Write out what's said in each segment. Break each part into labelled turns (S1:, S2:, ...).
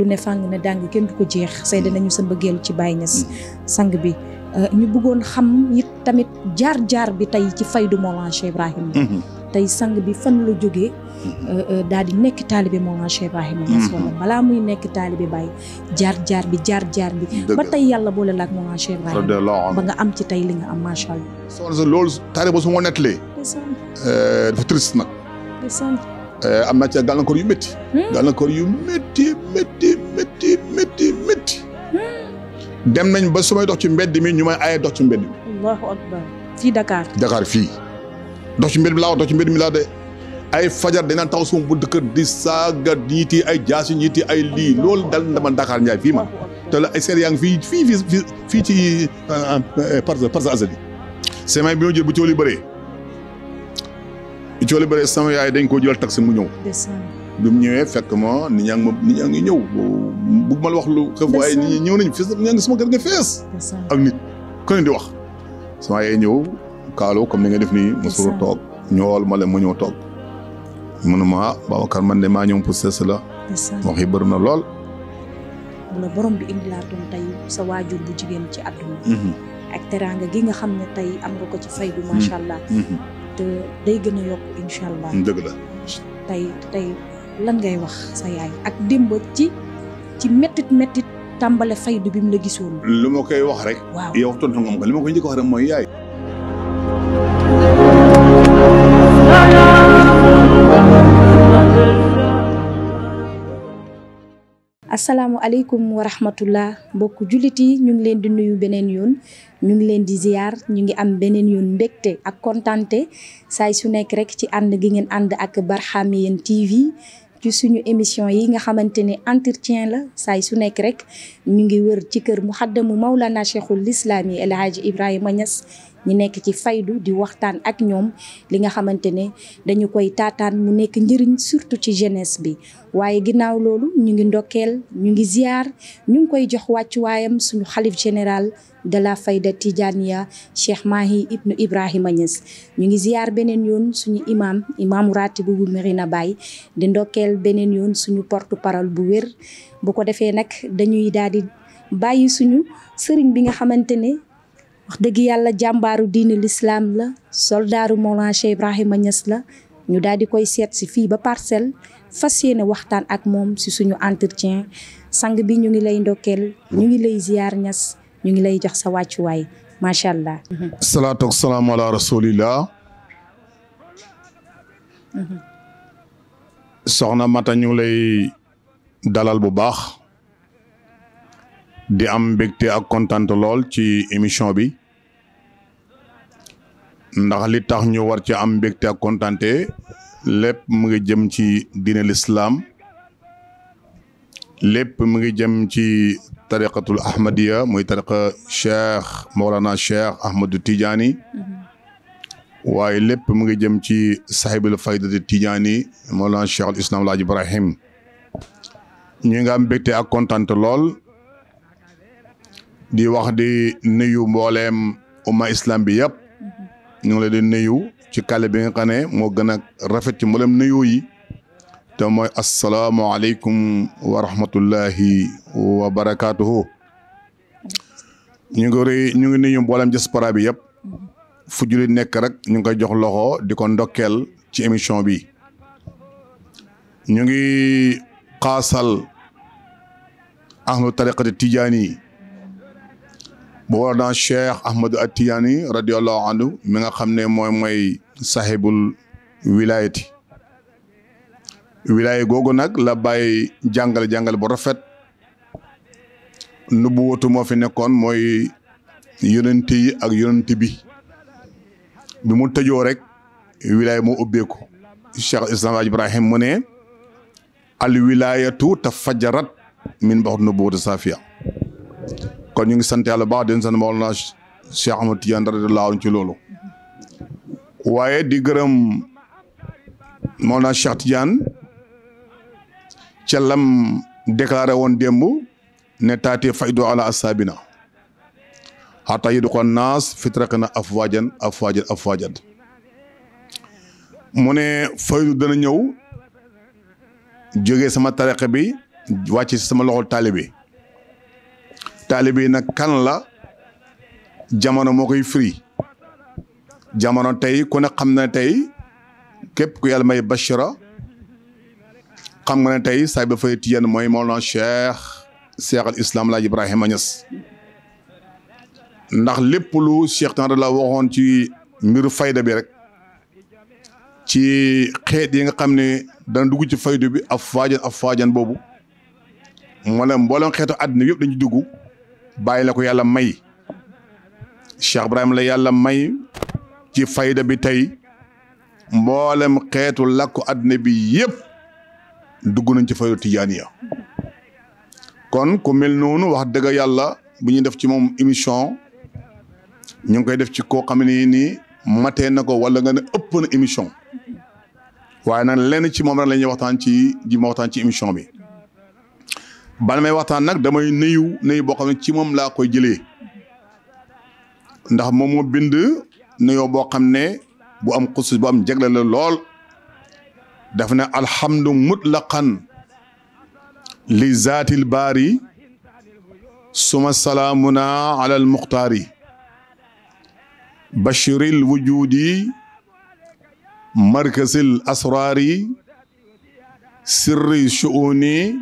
S1: lu ne fàng ne dàng kenn du ko jeex seede nañu sa mbëggeel ci Baye Niass sang bi euh, ñu bëggoon xam nit tamit jaar-jaar bi tey ci faydu Mawlana Cheikh Ibrahima mhm. tey sang bi fan la jógee mhm. euh, euh, daal di nekk taalibe Mawlana Cheikh Ibrahima Niass mhm. wala balaa muy nekk taalibe Baye jaar-jaar bi jaar-jaar bi ba yàlla boole la ak Mawlana Cheikh Ibrahima ba nga am ci tey li nga am macha allah soxna sa loolu
S2: taalibe su ma nettalee
S1: dafa
S2: Euh, am na ca gàllankoor yu métti. Hmm? gàllankoor yu métti métti métti métti hmm? dem nañ ba sumay dox ci mbedd mi ñu may aaye dox ci mbedd mi. fii Dakar. Dakar fii dox ci mbedd mi laa wax dox ci de ay fajar dañ naan taxaw suma bu dëkk di saaga ñiiti ay jaasi ñiiti ay lii loolu dal na ma Dakar Ndiaye fii ma te la ay seer fii fii fii fii ci parce euh, euh, parce que asali semaine bi ma jël bu tool yi ci wala bari sama yaay dañ ko jël taxi mu ñew bi ñewé fekk ma ni ñang ni ñang ñew oh, bu ma wax lu xew way ni ñew ñëw nañ fees ñaa sama kër nga fess ak nit ko ñu di wax sama yaay ñew kaaloo comme ni nga def ni mu suru tok ñool ma leen ma ñëw toog mu ne ma man de ma ñew pour sees la wax yi bërna lool
S1: la borom bi indilaatoon tay sa wajur bu jigen ci aduna ak teranga gi nga xamne tay am nga ko ci faydu sha allah mhm. te day gën a yokk incha allah. dëgg la. tey lan ngay wax sa yaay ak démb ci ci méttit méttit tàmbale faydu bi mu la gisoon.
S2: lu ma koy wax rek. waaw yow tontu nga ma ko li ma koy njëkk wax rek mooy yaay.
S1: asalaamualeykum wa rahmatullah mbokk jullit yi ñu ngi leen di nuyu beneen yoon ñu ngi leen di ziar ñu ngi am beneen yoon mbégte ak kontante saay su nekk rek ci ànd gi ngeen ànd ak Barhamiennes TV ci suñu émission yi nga xamante ne entretien la saay su nekk rek ñu ngi wër ci kër mu muxaddamu Mawlana Cheikhul Islami El Hadji Ibrahima ñas ñu nekk ci faydu di waxtaan ak ñoom li nga xamante ne dañu koy taataan mu nekk njëriñ surtout ci jeunesse bi waaye ginnaaw loolu ñu ngi ndokkeel ñu ngi ziar ñu ngi koy jox wàccuwaayam suñu xalif général de la fayda ya Cheikh Mahi ibnu Ibrahima Niass ñu ngi ziar beneen yoon suñu imam imaamu ratibu bu Médina Baye di ndokkeel beneen yoon suñu porte parole bu wér bu ko defee nag dañuy daal di bàyyi suñu sëriñ bi nga xamante ne wax dëgg yàlla jàmbaaru diine lislaam la soldaaru Mawlana Cheikh Ibrahima Niass la ñu daal di koy seet si fii ba parcelle fas yéene waxtaan ak moom si suñu entretien sang bi ñu ngi lay ndokkeel ñu ngi lay ziyaar ñas ñu ngi lay jox sa wàccuwaay macha allah.
S2: salaatu wa salaam ala rasulillah. soxna Mata ñu lay dalal bu baax. di am mbégte ak kontaan lool ci émission bi ndax li tax ñu war ci am mbégte ak kontante lépp mu ngi jëm ci diine lislaam lépp mu ngi jëm ci tariqatul ahmadiya muy tariqa cheikh Mawlana cheikh Ahmadou Tidjani mm-hmm. waaye lépp mu ngi jëm ci sahibul faydati Tidjani Mawlana cheikh al islam laaj Ibrahim ñu nga am mbégte ak kontante lool di wax di nuyu mbooleem umma islam bi yëpp. ñu ngi la di nuyu ci kàlle bi nga xam ne moo gën a rafet ci mboolem nuyu yi te mooy asalaamaaleykum wa rahmatullahi wa barakaatuhu ñu ngi rëy ñu ngi nuyu mboolem diaspora bi yëpp fu jullit nekk rek ñu ngi koy jox loxo di ko ndokkeel ci émission bi ñu ngi xaasal ahlu tariqati tijaani bu warna cheikh ahmadou attiyaani radiallahu anhu mi nga xam ne mooy mooy sahibul wilayati wilaya googu nag la bàyyi jàngal-jàngal bu rafet nubuwatu moo fi nekkoon mooy yonent yi ak yonent bi bi mu tëjoo rek wilaya moo ubbeeku cheikh islam ibrahim mu ne al wilayatu tafajjarat min baxut nubuwatu safiya kon ñu ngi sant yàlla baax den sant Mawlana Cheikh Ahmad Tidiane radiyallahu anhu ci loolu waaye di gërëm Mawlana Cheikh Tidiane ca lam déclaré woon démb ne taatee faydu ala asabina xataa yi du ko naas fitraq na afwajan afwajan afwajan mu ne faydu dana ñëw jóge sama tariqa bi wàcc sama loxol taalibe taalibe yi nag kan la jamono moo koy firi jamono tey ku xam na tey képp ku yàlla may bachara xam nga ne tey saay ba fay tiyan mooy Mawlana Cheikh Cheikh al Islam laaj Ibrahima Niass ndax lépp lu Cheikh Tana la waxoon ci mbiru fayda bi rek ci xeet yi nga xam ni dana dugg ci faydu bi af faajan af faajan boobu moo leen mboolem xeetu àddina yëpp dañu dugg bàyyi la ko yàlla may Cheikh Ibrahim la yàlla may ci fayda bi tey mboolem xeetu làkku àddina bi yëpp dugg nañ ci fayu ya kon ku mel noonu wax dëgg yàlla bu ñuy def ci moom émission ñu ngi koy def ci koo xam ne nii matee na ko wala nga ne ëpp na émission waaye nag lenn ci moom rek la ñuy waxtaan ci ji ma waxtaan ci émission bi bala may nak damay nuyu nuyu bo xamne ci mom la koy jele ndax moom moo bind nuyoo bo xamne bu am qusus bu am jegle la lol daf alhamdu mutlaqan li zaatil bari suma salamuna ala al muxtaari bashiril wujudi مركز الاسرار sirri شؤوني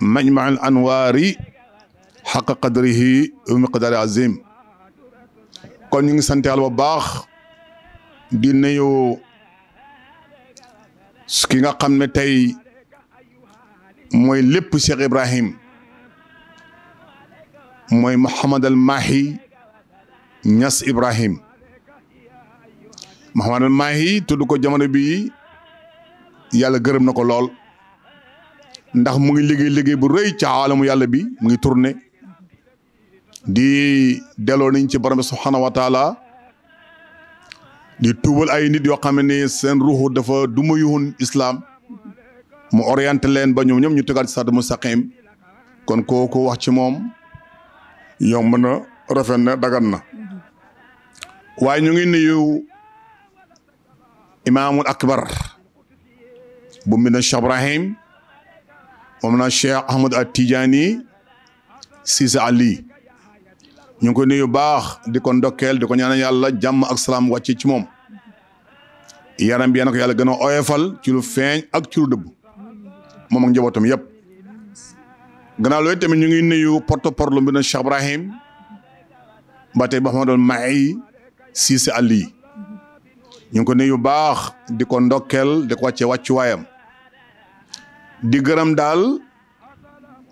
S2: مجمع الأنوار حق قدره ومقدار عظيم كون نيغي سانتي الله باخ دي نيو سكيغا خامني تاي موي ليپ شيخ ابراهيم موي محمد الماهي نياس ابراهيم محمد الماهي تودو كو جامانو بي يالا گرم نكو لول ndax mu ngi liggéey liggéey bu rëy ca aalamu yàlla bi mu ngi tourné di delloo nañ ci borom subhanahu wa di tuubal ay nit yoo xam ne seen ruuxu dafa du ma yuhun islaam mu orienté leen ba ñoom ñoom ñu tegaat siraat mustaqim kon kooku wax ci moom yomb na rafet na dagan waaye ñu ngi nuyu imaamul akbar bu mu ne Cheikh momna Cheikh Ahmed At-Tidiane Ali ñu ko nuyu baax diko ndokel diko ñaan ko jamm ak salam wacc ci mom yaram bi nak ko gëna gën ci lu feñ ak ci lu dëbb mom ak njabootam yeb gëna loolu tamit ñu ngi nuyu porte parole bi na Cheikh Ibrahim Ali ñu ko nuyu baax diko ndokel diko wacc wayam di gërëm dal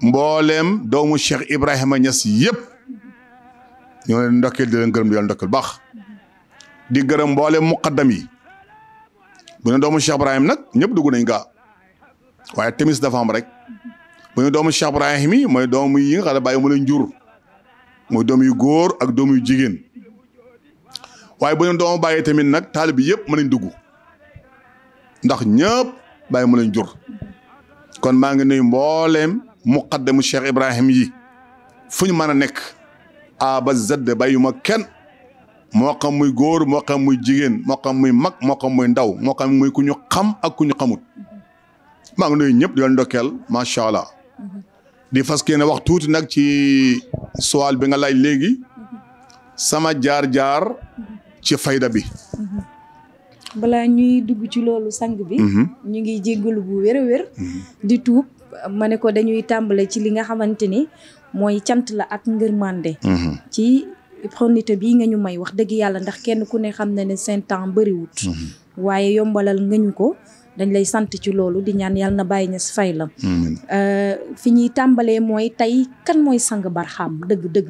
S2: mbollem doomu cheikh ibrahima ñas yépp ñoo leen di leen gërëm di leen ndokkeel di gërëm mbollem muqaddam yi bu ne doomu cheikh ibrahim nak ñëpp duggu nañ ga waye temis dafa am rek bu ne doomu cheikh ibrahima yi doomu yi nga xam mu leen jur moy doomu yu goor ak doomu yu jigen waye bu ne doomu baye tamit nak talib yépp mënañ duggu ndax ñëpp mu leen jur kon maa ngi nuyu mbooleem muqaddamu Cheikh Ibrahim yi fu ñu mën a nekk a ba z bàyyuma kenn moo xam muy góor moo xam muy jigéen moo xam muy mag moo xam muy ndaw moo xam muy ku ñu xam ak ku ñu xamut maa ngi nuyu ñëpp di leen ndokkeel macha allah di fas ne wax tuuti nag ci soal bi nga laaj léegi sama jaar-jaar ci fayda bi
S1: balaa ñuy dugg ci loolu sang bi. Mhm. ñu ngi jéggalu bu wér wér. Mhm. di tuub ma ne ko dañuy tàmbale ci li nga xamante ni mooy cant la ak ngërmande. Mhm. ci xonnite bii nga ñu may wax dëgg yàlla ndax kenn ku ne xam na ne seen temps bëriwut. waaye yombalal nga ñu ko. dañ lay sant ci loolu di ñaan yàlla na bàyyi ña si fay la euh, fi ñuy tàmbalee mooy tey kan mooy sang barxaam dëgg dëgg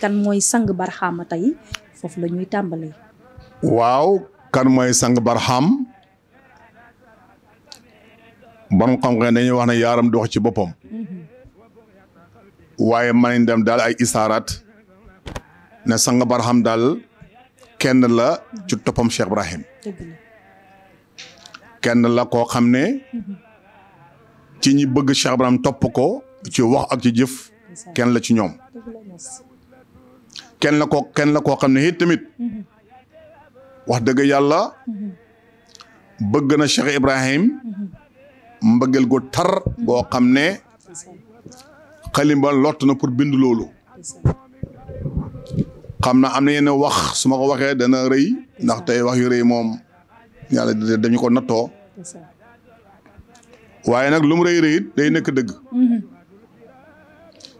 S1: kan mooy sang barxaama tey foofu la ñuy tàmbalee
S2: waaw kan mooy sang barxaam borom xam nga dañuy wax ne yaaram dox ci boppam waaye manañ dem daal ay isaaraat ne sang barxaam daal kenn la ci toppam Cheikh Ibrahim kenn la koo xam ne ci ñi bëgg Cheikh Ibrahim topp ko ci wax ak ci jëf kenn la ci ñoom kenn la koo xam ne it tamit mhm. wax dëgg yàlla bëgg na Cheikh Ibrahim mbëggeel gu tar boo xam ne xalimba lott na pour bind loolu xam na am na yenn wax su ma ko waxee dana rëy ndax tey wax yu rëy moom yàlla dañu ko nattoo waaye nag lu mu rëy rëyit day nekk dëgg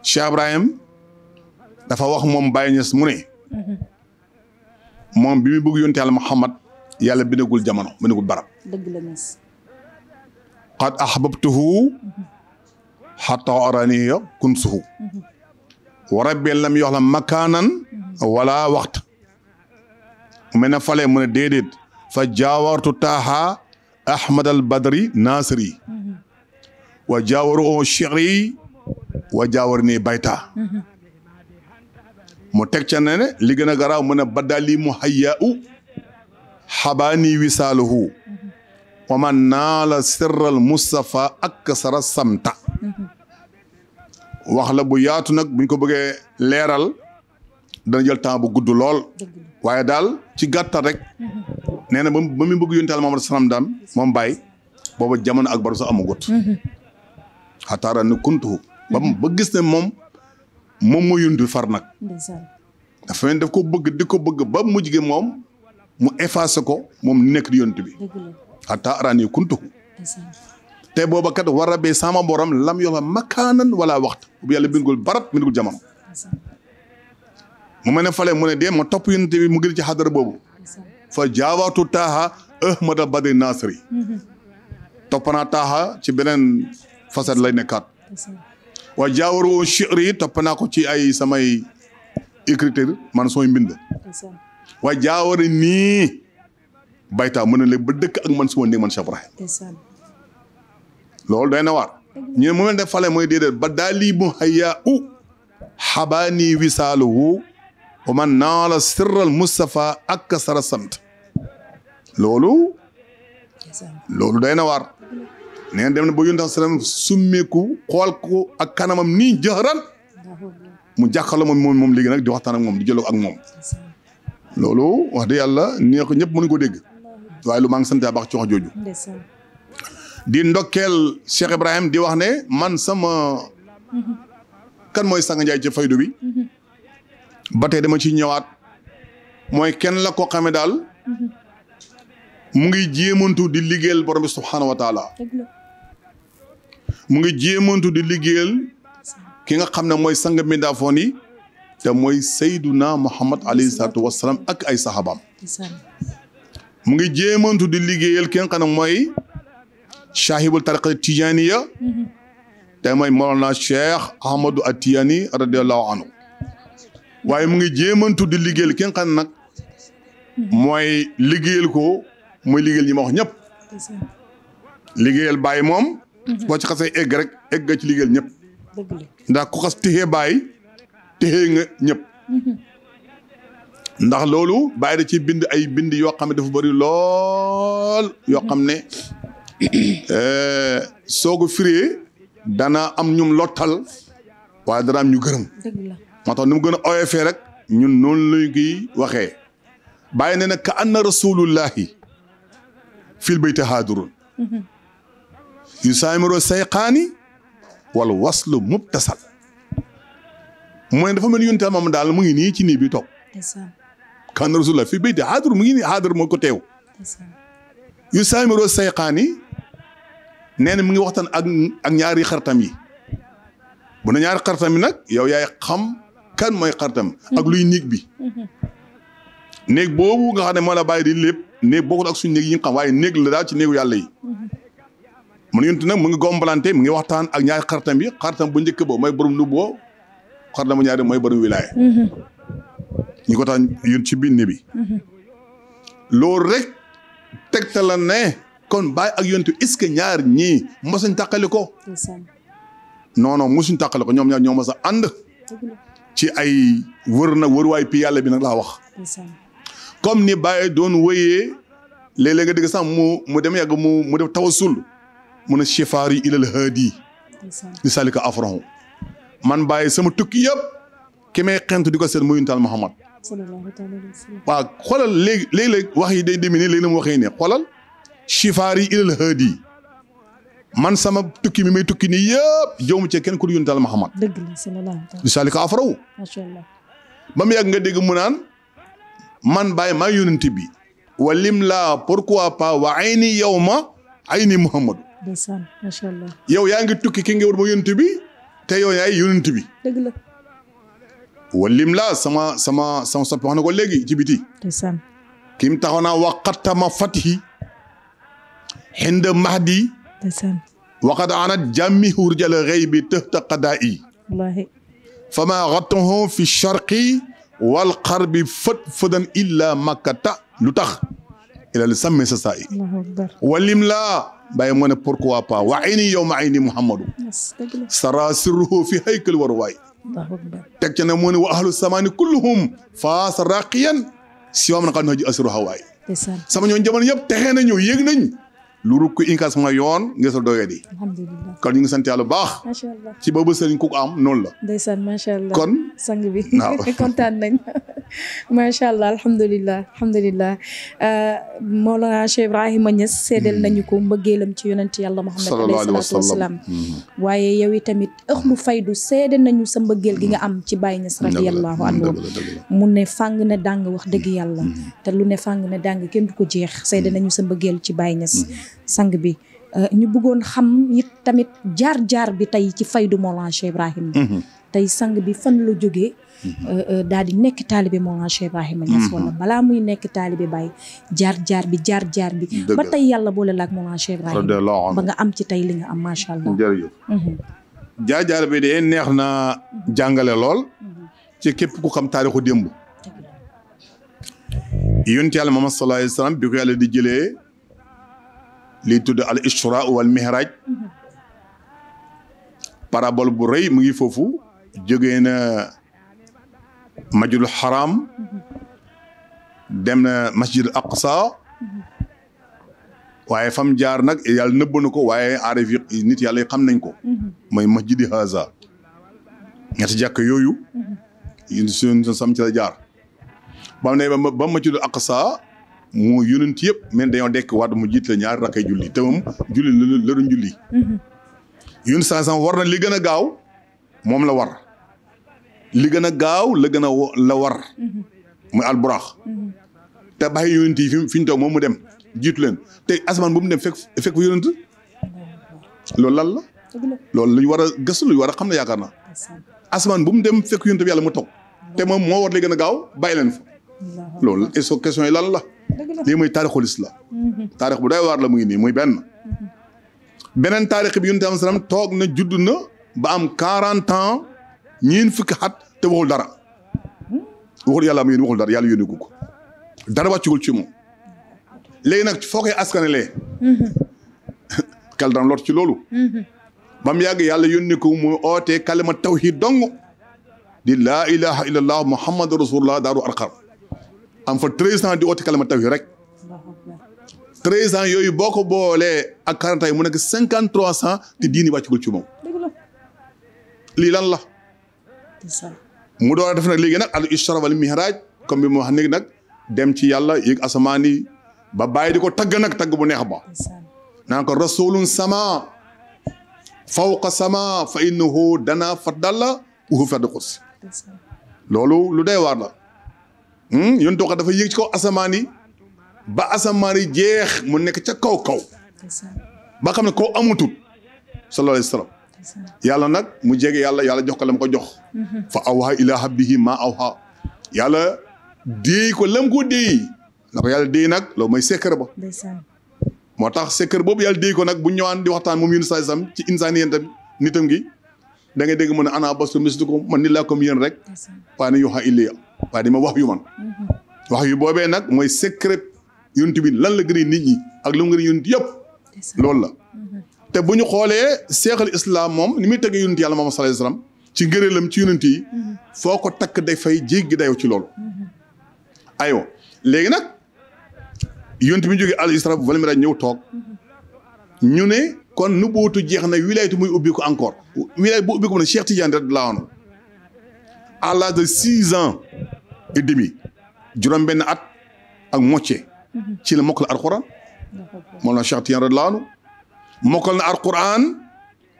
S2: Cheikh Ibrahim dafa wax moom Baye Niass mu ne mom bi muy bëgg yonent yàlla Muhammad yàlla bindagul jamono bindagul barab.
S1: deug la Niass.
S2: qad ahbabtuhu hatta arani kunsuhu wa rabbi lam yuhla makanan wala waqt mena fale mena dedet fa jawartu taha ahmad al badri nasri wa jaawaru shiri wa jaawar bayta mu teg ca ne ne li gën a garaaw mu ne badali mu hayya u xabaani wisaaluhu wa man naala sirral Mustafa ak sara samta wax la bu yaatu nag buñ ko bëggee leeral dana jël temps bu gudd lool waaye daal ci gàttal rek nee na ba ba mu bëgg yóntaal Muhammad salaam daam moom bàyyi booba jamono ak baru sax amagut xataara mm-hmm. ni ba gis ne moom moom moo yundu far nag dafa mel daf ko bëgg di ko bëgg ba mujj gi moom mu effacé ko moom nekk di yonent bi xataa araani kuntu te booba kat war a bee sama borom lam yola makaanan wala waxtu bu yàlla bindul barab bindul jamono mu mel ne fale mu ne dee ma topp yonent bi mu ngi ci xadara boobu fa jaawaatu taaha ahmada badi nasri mhm. topp naa taaha ci beneen façade lay nekkaat waa jaawaru shi'ri yi topp naa ko ci ay samay écriture man sooy mbind waa jaawari nii baytaa mën na léegi ba dëkk ak man suma néeg man Cheikh loolu doy na waar ñu ne mu mel fale mooy déedéet ba daali mu hayaa u xabaani wisaaluhu wa man naala sirral Mustafa ak sara sant loolu loolu doy na war neen dem na bo yunus sallam summeku xol ko ak kanamam ni jeharan mu jaxalam mom mom moom nak di waxtan ak mom di jëloo ak mom lolu wax de yalla neex ñep mënu ko deg way lu mang sante bax ci wax di ndokel cheikh ibrahim di wax ne man sama kan moy sang njaay ci faydu bi batay dama ci ñewat moy ken la ko xame dal mhm. mu ngi jéemantu di liggéeyal borom subhanahu wa taala mu ngi jéemantu di liggéeyal ki nga xam ne mooy sang mbindaafoon yi te mooy sayduna muhammad alayhi salaatu ak ay sahabaam mu ngi jéemantu di liggéeyal ki nga xam ne mooy saahibul tariqa te mooy Mawlana Cheikh Ahmadou Atiyaani radiyallahu anhu waaye mu ngi jéemantu di liggéeyal ki nga nag mooy liggéeyal ko mooy liggéeyal ñi ma wax ñëpp liggéeyal bàyyi moom Mhm. boo ci xasee egg rek egg nga ci liggéeyal ñëpp. ndax ku xas téxee bàyyi téxee nga ñëpp. Mhm. ndax loolu bàyyi da ci bind ay bind yoo xam ne dafa bëri lool yoo xam ne mhm. eh, soo ko firee dana am ñum lottal waa dana am ñu gërëm. moo tax ni mu gën a oyofee rek ñun noonu lañu koy waxee. bàyyi ne nag ka anna rasulullahi fil bayti haadurun yusaamiru sayqaani wal waslu mubtasal mooy dafa mel ni yonent moom daal mu ngi nii ci nii bi toog. kan rasulullah fi bayti xaadir mu ngi nii xaadir moo ko teew. yusaamiru sayqaani nee na mu ngi waxtaan ak ak ñaari xaritam yi bu ne ñaari xaritam yi nag yow yaay xam kan mooy xaritam. ak luy néeg bi. néeg boobu nga xam ne moo la bàyyi di lépp néeg bokkul ak suñu néeg yi nga xam waaye néeg la daal ci néegu yàlla yi. mu ne yonent nag mu ngi gombalante mu ngi waxtaan ak ñaar xaritam yi xaritam bu njëkk ba mooy lu boo xaritam bu ñaari mooy borom wilaaya mhm. ñu ko ci bind bi mhm. loolu rek tegtala ne kon bàyyi ak yonent ce que ñaar ñii mosuñ tàqali ko non non mosuñ tàqali ko ñoom ñaar ñoo mos a ànd ci ay wër na wëruwaay pi yàlla bi nag laa wax comme ni bàyyi doon wëyee léeg-léeg nga dégg sax mu mu dem yàgg mu mu def tawasul mun a chifaari ilal haadi li salika afrahu man bàyyi sama tukki yëpp ki may xentu di ko seet muy taal Muhammad waaw xoolal léegi léeg-léeg wax yi day demee ne léegi la mu waxee ne xoolal chifaari ilal haadi man sama tukki mi may tukki nii yëpp jëw mu ci kenn ku yuntal Muhammad
S3: dëgg la sallallahu alayhi
S2: wa sallam afraw masha ba mu yàgg nga dégg mu naan man bàyyi maa yonent bi walim laa pourquoi pas wa ayni yow ma ayni Muhammad يو يانغي توكي كينغي وربو يونتبي تي يو ياي يونتبي دغ لا وليم لا سما سما سما سبو هانو ليغي جيبيتي ديسان كيم تاخونا وقت ما فتحي عند مهدي ديسان وقد انا جامي رجال الغيب تهت قدائي الله فما غطه في الشرق والقرب فت فدن الا مكه لتخ الى السم سسائي الله اكبر وليم لا bàyyi moo ne pourquoi pas wa ayni yow ma ayni muhammadu sara sirruhu fi haykal waruwaay teg ca ne moo ne wa ahlu samaani kulluhum faasa raqiyan siwaam na xam ne haji asiru hawaay sama ñoon jamono yëpp texee nañu yéeg nañ lu rukk inkaas mooy yoon nga sa doyadi.
S1: alhamdulilah
S2: kon ñu ngi sant yàlla baax.
S1: macha allah ci
S2: boobu sëriñ ko ko am noonu la.
S1: ndeysaan macha allah kon sang bi. waaw kontaan nañ macha allah alhamdulilah alhamdulilah euh, Mawlana Cheikh Ibrahima Niass seedeel hmm. nañu ko mbëggeelam ci yonent yàlla Muhammad alayhi salaatu wasalaam. Hmm. waaye yow itamit ëxlu faydu seede nañu sa mbëggeel gi nga am ci Baye Niass hmm. radiyallahu anhu mu ne fàng ne dàng wax dëgg yàlla. te lu ne fàng ne dàng kenn du ko jeex seede nañu sa mbëggeel ci Baye Niass. sang bi euh, ñu bëggoon xam it tamit jaar-jaar bi tey ci faydu Mawlana Cheikh Ibrahima mhm. tey sang bi fan la jógee mhm. euh, euh, daal di nekk taalibe Mawlana Cheikh Ibrahima Niass wala mhm. bala muy nekk taalibe Baye jaar-jaar bi jaar-jaar bi ba tey yàlla boole laak Mawlana Cheikh ba nga am ci tey li nga am macha allah jërëjëf
S2: jaar-jaar bi de neex na jàngale lool ci képp ku xam taarixu démb yonent yàlla Muhammad sallallahu alayhi bi ko yàlla di jëlee li tudd al ishra wal mihraj parabole bu reuy mu ngi fofu jógee na haram dem na masjidul aqsa waye fam jaar nak yal nëbb na ko waaye aarif nit yàlla xam nañ ko moy masjid haza ñat jàkk yooyu suñ sam ci la jaar bam ne ba masjidul aqsa moo yonent yëpp mais dañoo dekk waat mu jiite ñaar rakkay julli te moom julli la doon julli. Mhm. yun sansam war na li gën a gaaw moom la war li gën a gaaw la gën a la war mhm. muy alburax mhm. te bàyyi yonent yi fi fi ñu toog moom mu dem jiitu leen te asman bu mu dem fekk fekk fa lan la loolu luñ war a gëstu luñ war a xam ne yaakaar naa asamaan bu mu dem fekk yonent bi yàlla mu toog te moom moo war li gën a gaaw bay leen fa loolu question yi lan la
S3: lii mooy taarixul islam mhm.
S2: taarix bu doy waar la mu ngi nii muy benn mhm. beneen taarix bi yonent am salaam toog na judd na ba am quarante ans ñiin fukki at te waxul dara mhm. waxul yàlla am yónni waxul dara yàlla yónni ko dara wàccugul ci moom léegi nag foo koy askanelee xel daan lot ci loolu ba yàgg yàlla yónni ko mu ootee kalima tawhid dong di laa ilaha illallah muhammadu rasulullah daaru arqam am fa treize ans di oote kalima taw rek treize ans yooyu boo ko boolee ak quarante yi mu nekk cinquante trois ans te diini wàccugul ci moom lii lan la mu door a def nag léegi nag al isra wal mihraj comme bi mu wax léegi nag dem ci yàlla yëg asamaan yi ba bàyyi di ko tagg nag tagg bu neex ba naan ko rasulun sama fawqa sama fa innahu dana faddalla uhu ferdxus loolu lu day waar la Hmm? yónni ko dafa yéeg ci kaw asamaan ba asamaan yi jeex mu nekk ca kaw kaw. ba xam ne kaw amatul. sallallahu alayhi wa yàlla nag mu jege yàlla yàlla jox ko jox. fa awha ila habdihi ma awha yàlla déey ko lam ko déey. la ko yàlla déey nag loolu mooy secret ba. moo tax secret boobu yàlla déey ko nag bu ñëwaan di waxtaan moom Yunus sallallahu alayhi wa sallam ci insaan yéen tam nitam gi da ngay dégg mu ne ana basu mislukum man ni laa comme yéen rek. waaye nag yoo xam waaye di ma wax yu man mm-hmm. wax yu boobee nag mooy secret yonent bi lan la gëri nit ñi ak lu mu gëri yonent yëpp loolu la mm-hmm. te bu ñu xoolee seexal islam moom ni muy tëggee yonent yàlla moom sallallahu alayhi ci ngëreelam ci yonent yi mm-hmm. foo ko takk day fay jéggi dayoo ci lool aywa léegi nag yonent bi jógee al isra wala mi ñëw toog ñu ne kon nu bootu jeex na wilaytu muy ubbi encore wilayt bu ubbi ko mu ne Cheikh Tidiane radiyallahu anhu à l'âge de 6 ans et demi juróom benn at ak moitié ci la mokkal alquran moom la Cheikh Tiyaan radlaanu mokkal na alquran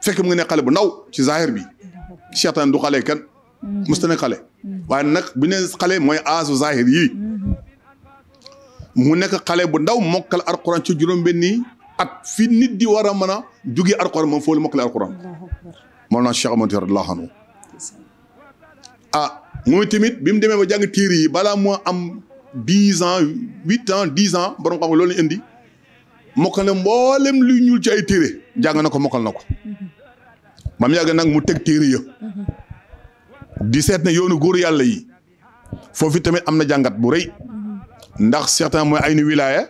S2: fekk mu ngi ne xale bu ndaw ci zahir bi Cheikh Tiyaan du xale kan musta xale waaye nag bu ne xale mooy aasu zahir yi mu nekk xale bu ndaw mokkal alquran ci juróom benni at fi nit di war a mën a jugee alquran moom foofu la mokkale alquran moom la Cheikh Amadu radlaanu ah mooy tamit bi mu demee ba jàng téere yi balaa moo am dix ans huit ans dix ans borom xam loolu indi mokkal na mboolem luy ñuul ci ay téere jàng na ko mokkal na ko ba mu yàgg nag mu teg téere ya di seet ne yoonu góor yàlla yi foofu tamit am na jàngat bu rëy ndax certain mooy ay nu wilaaya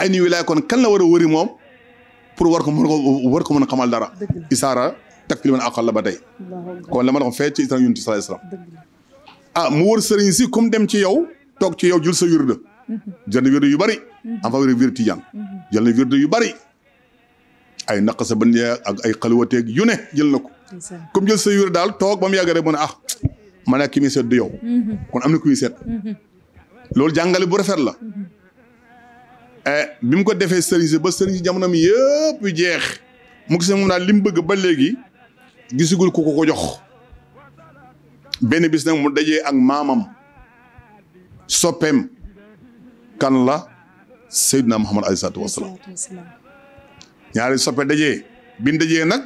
S2: ay nu wilaaya kon kan la war a wëri moom pour war ko mën ko war ko mën a xamal dara takliman aqal la ba tey kon la ma doon fee ci islam yunus sallallahu alayhi wasallam mu wër sëriñ si comme dem ci yow toog ci yow jël sa wirde jël na wirde yu bari en faveur wirde tijaan jël na yu bari ay naqasa ak ay xalwateeg yu ne na ko comme jël sa wirde daal toog ba mu yàgg rek mu ne ah ma ne ki muy seet du yow kon am na ku muy loolu jàngale bu rafet la eh, bi mu ko defee sëriñ si ba sëriñ si jamono mi yëpp jeex mu gis ne moom daal li mu bëgg ba léegi gisugul ku ko ko jox ben bis nak mu dajé ak mamam sopem kan la sayyidna muhammad alayhi salatu wasallam ñaari sopé dajé bin dajé nak,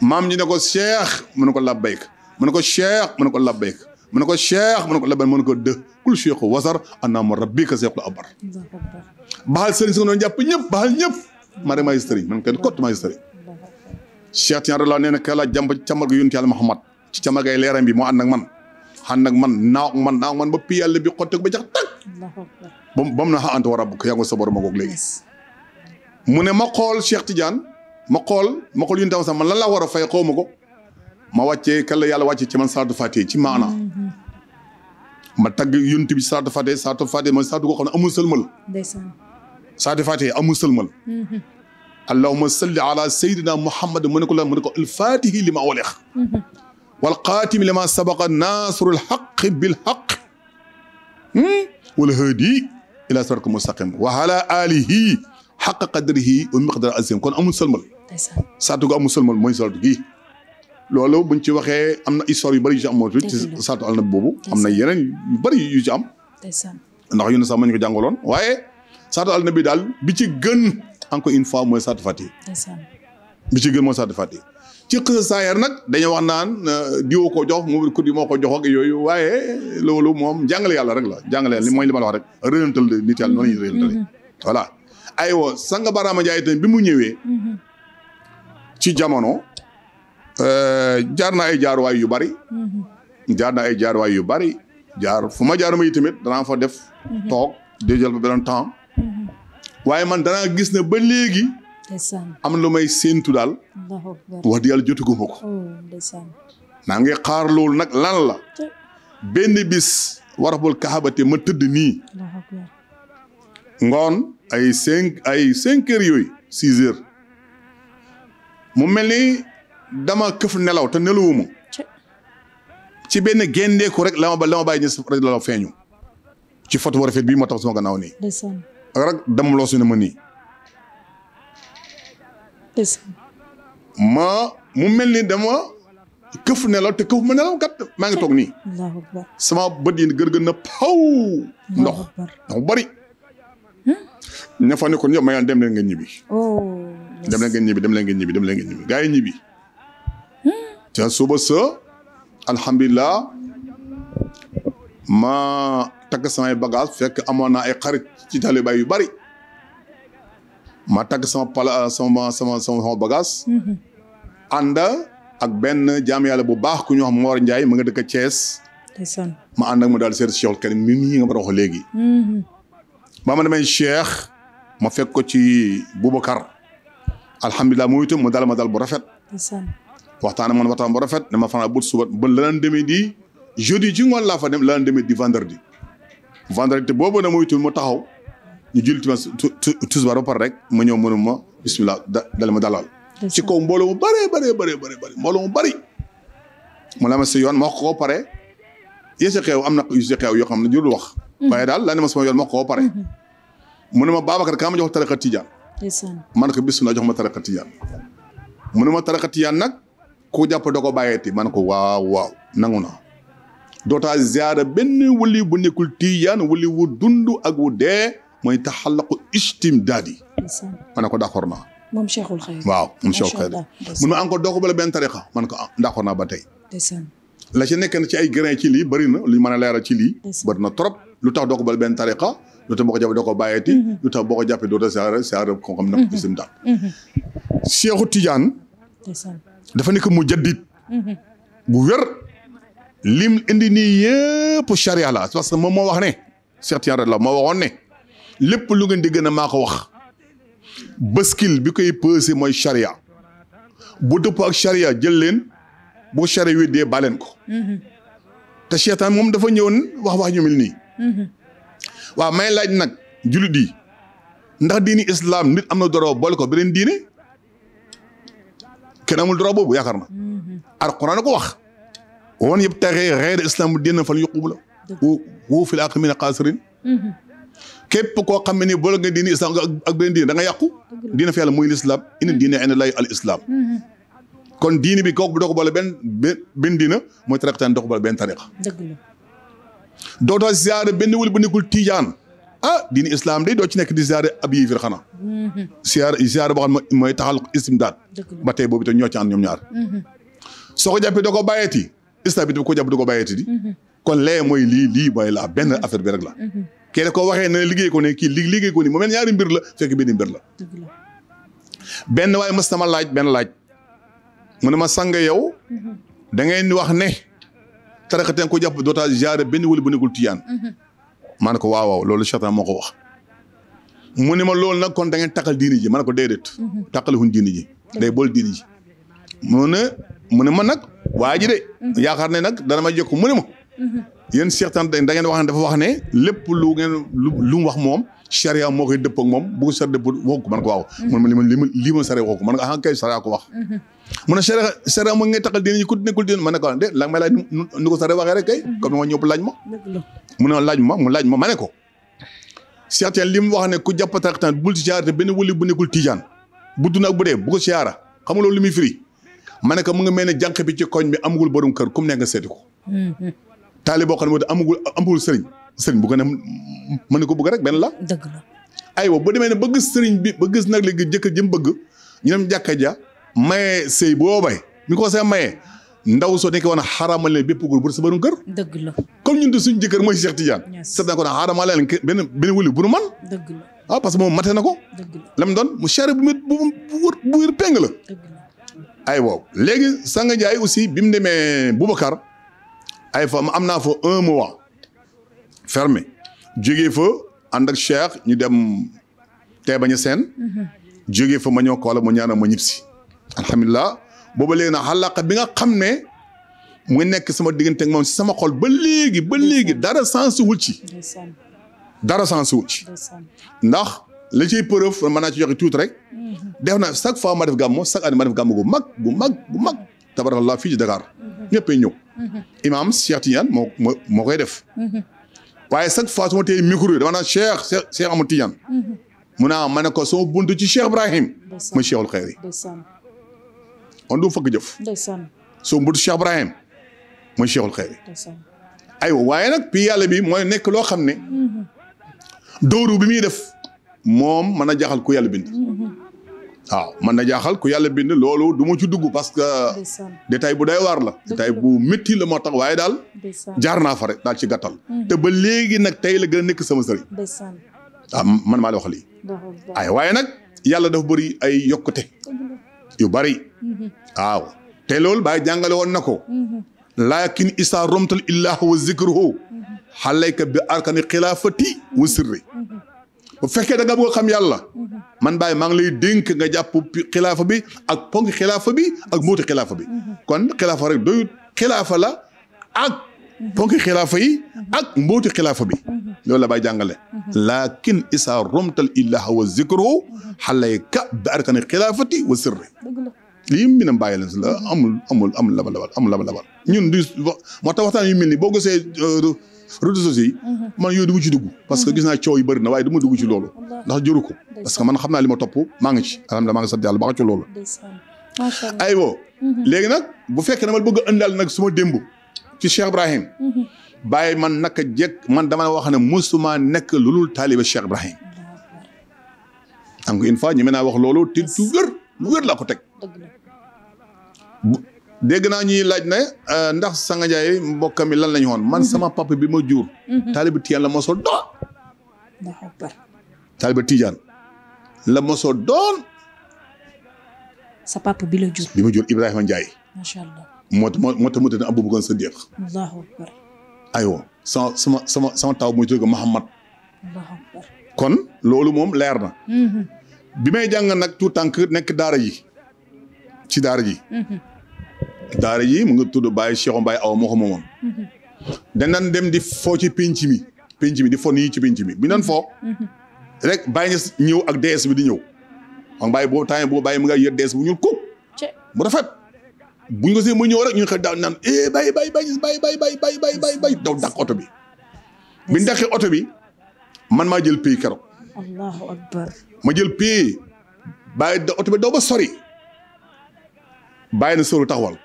S2: mam ji ne ko cheikh mu ne ko labbayk mu ne ko cheikh mu ne labbayk mu ne cheikh mu ne ko mu ne ko kul cheikh wasar anna mu rabbika sayyidul abar bahal serigne si japp doon baal ñëpp mari maistri mare man ken kot maistri Cheikh Tidiane la nee na ka la jàmb càmmal ga yonent yàlla Muhammad ci càmmal gay leeram bi moo ànd man ànd ak man naaw man naaw ak ba pi yàlla bi xotteeku ba jax tag ba ba mu na xa anta war a bukk yaa ngi sa borom a goog léegi mu ne ma xool Cheikh Tidiane ma xool ma xool yun sax man lan laa war a fay xaw ma ko ma wàcce kan la yàlla wàccee ci man salaatu fatiha ci maana mm-hmm. ma tagg yonent bi salaatu fatiha salaatu fatiha mooy salaatu goo xam ne amul sëlmal salaatu fatiha amul sëlmal mm-hmm. اللهم صل على سيدنا محمد منك منك الفاتح لما ولخ والقاتم لما سبق الناصر الحق بالحق والهدي إلى صراط المستقيم وعلى آله حق قدره ومقدر العظيم كون أمو سلمل نعم. ساتو أمو سلمل موي ساتو loolu لولو ci waxee am na histoire yu bëri yu ci amoon ci saatu al nabi boobu am na yeneen yu bëri yu ci am ndax yu ne sax mañ ko jàngaloon waaye saatu al nabi daal bi ci gën encore une fois mooy salaatu fatiha. bi ci gën mooy salaatu fatiha. ci xisa saayar nag dañoo wax naan euh, diwoo ko jox mu ko di moo ko jox ak yooyu waaye loolu moom jàngale yàlla rek la jàngale li mooy li ma la wax rek nit yàlla noonu lañuy réyantal mhm. voilà aywa sanga baraama jaay tamit bi mu ñëwee mhm. ci jamono euh, jaar naa ay jaaruwaay yu bari mhm. jaar naa ay jaaruwaay yu bari jaar fu ma jaaruma yi tamit danaa fa def toog di jël ba temps waaye man danaa gis ne ba léegi. am lu may séentu daal.
S3: wax di yàlla jotuguma ko. Oh,
S2: naa ngi xaar loolu nag lan la. benn bis warabul kaxabate ma tëdd nii. ngoon ay cinq ay cinq yooyu six heures. mu mel ni dama këf nelaw te nelawuma. ci benn gendeeku rek la ba la ma bàyyi ñu rek la feeñu. ci foto bu rafet bii moo tax sama gannaaw nii. rag damuloosi na ma nii ma mu mel ni dama këf nelaw te këf ma nelaw kat maa ngi toog nii sama bët yi gër gër na paw ndox ndax bari ña hmm? fa nekkoon ñëpp ma yaan oh, ñibbi dem leen ñibbi dem leen ñibbi dem ñibbi te hmm? suba sa alhamdulilah ma Tak sama e bagage fek amona ay e xarit ci yu bari ma tak sama pala sama sama sama sama bagage anda ak ben jam yalla bu baax ku ñu xam Mor ndjay ma nga dëkk Thiès ma and ak mu dal seet Cheikh kene mi nga ma wax léegi mhm. ba ma demee Cheikh ma fek ko ci Boubacar alhamdullah mu dal ma dal bu rafet waxtana mon waxtaan bu rafet dama fanaa but suba ba lan demé di jeudi ci ngol la fa dem lan demé di vendredi vendredi bobo na moytu mo taxaw ñu jël timas tous ba pare rek ma ñow mënu ma bismillah dal ma dalal ci ko mbolo mu bare bare bare bare bare mbolo mu bare mu la ma se yoon mako ko pare yé si xew amna yu si xew yo xamna ne wax mm-hmm. waye dal la ne ma sama yoon mako ko pare mm-hmm. mu ne ma babacar kaa ma jox tariqa tijaan man ko bismillah jox ma tariqa tijaan mu ne ma tariqa tijaan nag ku jàpp man ko waaw waaw nanguna dota ziyara benn wali bu nekkul tiijaan wali wu dund ak wu dee mooy taxallaqu istimdaadi ma ne ko d'accord naa
S3: moom cheikhul xayr waaw moom cheikhul xayr
S2: mun ma encore doo ko bala benn tariqa man ko d'accord naa ba tey la ci nekk na ci ay grain ci lii bëri na lu mën a leeral ci lii bëri na trop lu tax doo ko bala benn tariqa lu tax boo ko jàppee doo ko bàyyeeti lu tax boo ko jàppee doo ta ziyaara ziyaara ko xam na istimdaad cheikhu tiijaan dafa nekk mu jaddit bu wér lim indi nii yëpp charia la parce que moom moo wax ne Cheikh Tidiane la moo waxoon ne lépp lu ngeen di gën a maa ko wax bëskil bi koy pesé mooy charia bu dëppoo ak charia jël leen bu charia wi dee baleen ko te seytaan moom dafa ñëwoon wax wax ñu mel nii may laaj nag jullit yi ndax diini islam nit am na doro boole ko beneen diine kenn amul droit boobu yaakaar na alxuraan ko wax هون يبتغي غير اسلام الدين فليقبله هو في الاقمين قاصرين كيف كو خامني بول دين اسلام اك بن دين دا ياكو دين في الله موي الاسلام ان دين عند الله الاسلام كون دين بي كوك دوك بول بن بن دين موي تريك تان دوك بول بن تاريخ دوتا زياره بن ولي بن كول تيجان اه دين الاسلام دي دوتي نيك دي زياره ابي فير خنا زياره زياره بو موي تخلق اسم دات باتي بوبي تو نيوتي ان نيوم نيار سوكو جابي دوكو بايتي islam bi dafa ko jàpp du ko bàyyeeti di mhm. kon lee mooy lii lii mooy laa benn mhm. affaire bi rek la mhm. kii ko waxee ne liggéey ko ne kii li liggéey ko ni mu mel ñaari mbir la fekk benn mbir la benn waaye mas sama laaj benn laaj mu ne ma sang yow dangeen ngeen wax ne tarixateen ko jàpp doota jaare benn wëli bu nekkul tiyaan maa ne ko waaw waaw loolu chatan moo ko wax mu ne ma loolu nag kon dangeen ngeen takkal diini ji ma ne ko déedéet takkal huñ diini ji day bool diini ji mu ne mu ne waa ji de. yaakaar ne nag dana ma jokk mu ne ma. yéen Cheikh Tidiane da ngeen wax ne dafa wax ne lépp lu ngeen lu mu wax moom charia moo koy dëppoo ak moom bu ko sar dëppoo ko man ko waaw. man ma li ma lii ma sare ko man nga ah, xam kay sare ko wax. mu ne charia charia moo ngay taxal dinañ ku nekkul dinañ ma ne ko ah, de la may laaj ko sare waxee rek kay. comme ñëpp laaj ma. mu ne laaj ma mu laaj ma ma ne ko. Cheikh li mu wax ne ku jàpp tariqatan bul siyaare benn wëli bu nekkul Tijaan bu dund ak bu dee bu ko siyaara xam nga loolu li muy firi ma ne mu ngi mel ne jànq bi ci koñ bi amagul borom kër ku mu nekk nga ko. taali boo xam ne amagul amagul sëriñ sëriñ bu ko ne mën na ko bugg rek benn la. dëgg la aywa bu demee ne ba gis sëriñ bi ba gis nag léegi jëkkër ji mu bëgg ñu dem jàkka ja maye sëy boo bay mi ko see maye ndaw soo nekkee woon xaraamal leen bépp góor bu sa borom kër. dëgg la comme ñun de suñu jëkkër mooy Cheikh Tidiane. seet naa ko nag xaraamal leen benn benn bu nu man. dëgg la ah parce que moom mate na ko. dëgg la lam doon mu cher bu mu bu wër bu wër peng la. ay wow léegi Sanga jaay aussi bi mu demee Boubacar ay fa am naa fa un mois fermé jógee fa ànd ak Cheikh ñu dem Taïba Niassène jógee fa ma ñëw Kaolack ma ñaanal ma ñibbisi alhamdulilah booba léegi nag xalaqa bi nga xam ne mu nekk sama diggante ak moom si sama xol ba léegi ba léegi dara sensiwul ci dara sensiwul ci ndax li ciy preuve mën naa ci rek mhm. def na chaque fois ma def gàmmo chaque année ma def gàmmo gu mag bu mag bu mag Dakar mhm. ñëpp ñëw mhm. imam Cheikh Tidiane moo koy def waaye chaque fois su ma téye micro yi dama naan Cheikh Cheikh Cheikh Amadou Tidiane mu naa ah, ma ne ko sama buntu ci Cheikh Ibrahim muy Cheikhul Xeyri on du fëkk jëf sama buntu Cheikh Ibrahim muy Cheikhul Xeyri aywa waaye nag pi yàlla bi mooy nekk loo xam ne dóoru bi muy def moom man a jaaxal ku yàlla bind. waaw na jaaxal ku yàlla bind loolu du ma ci dugg parce que. détail bu day waar la. détail bu métti la moo tax waaye daal. jaar naa fa rek daal ci gàttal. Mm-hmm. te ba léegi nag tey la gën a nekk sama sëriñ. ah man maa la wax lii. ay waaye nag yàlla dafa bëri ay yokkute. yu bari. Mm-hmm. waaw te loolu baay jàngale woon na ko. Mm-hmm. laakin isa romtal illah wa zikruhu. xalayka bi arkani xilaafati wa sirri bu fekkee da nga bëgg a xam yàlla man Baye maa ngi lay dénk nga jàpp xilaafa bi ak ponk xilaafa bi ak mbóoti xilaafa bi kon xilaafa rek doyut xilaafa la ak ponk xilaafa yi ak mbóoti xilaafa bi loolu la Baye jàngale lakin isaa romtal illaha wa zikruhu xalayka bi arkani xilaafati wa sirri lii mbinam bàyyi leen si la amul amul amul labal labal amul labal labal ñun du moo tax waxtaan yu mel ni boo gisee réseaux sociaux yi mhm. man yooyu du ci dugg parce que gis naa coow yi bëri na waaye du ma dugg ci loolu ndax jëru ko parce que man xam naa li ma topp maa ngi ci alhamdulilah maa ngi sant yàlla baax ci loolu ay wo mhm. léegi nag bu fekkee dama bëgg a ëndal nag suma démb ci Cheikh Ibrahim mhm. bàyyi man naka jekk man dama wax ne musuma nekk lu dul taaliba Cheikh Ibrahim am nga une fois ñu mën naa wax loolu te du wér lu laa ko teg dégg naa ñuy laaj ne euh, ndax Sanga Ndiaye mbokkam mi lan lañu woon man mhm. sama papa bi ma jur. Mhm. taaliba Tijaan la mosoo doon. taaliba la mosoo doon.
S1: sa papa bi la jur.
S2: bi ma jur Ibrahima Ndiaye. macha moo moo moo tax mu tëdd Abu Bakar Sadiq. allahu akbar. sama sama sama sama taw muy tudd Muhammad. kon loolu moom leer na. Mhm. bi may jàng nag tout tànk nekk daara ji ci daara ji. daara yi mu nga tudd bàyyi Cheikh Mbaye aw moo ko moomoon dañ daan dem di foo ci pénc mi pénc mi di fo nii ci pénc mi bi ñu daan foo rek Baye Niass ñëw ak DS bi di ñëw xam Baye boo temps boo Baye mu nga yor DS bu ñuul kuk mu rafet buñ ko see mu ñëw rek ñu xel daal naan eh Baye Baye Baye Baye Baye daw dàq oto bi biñ dàqee oto bi man maa jël pay keroog ma jël pay Baye oto bi daw ba sori Baye na sóoru taxawal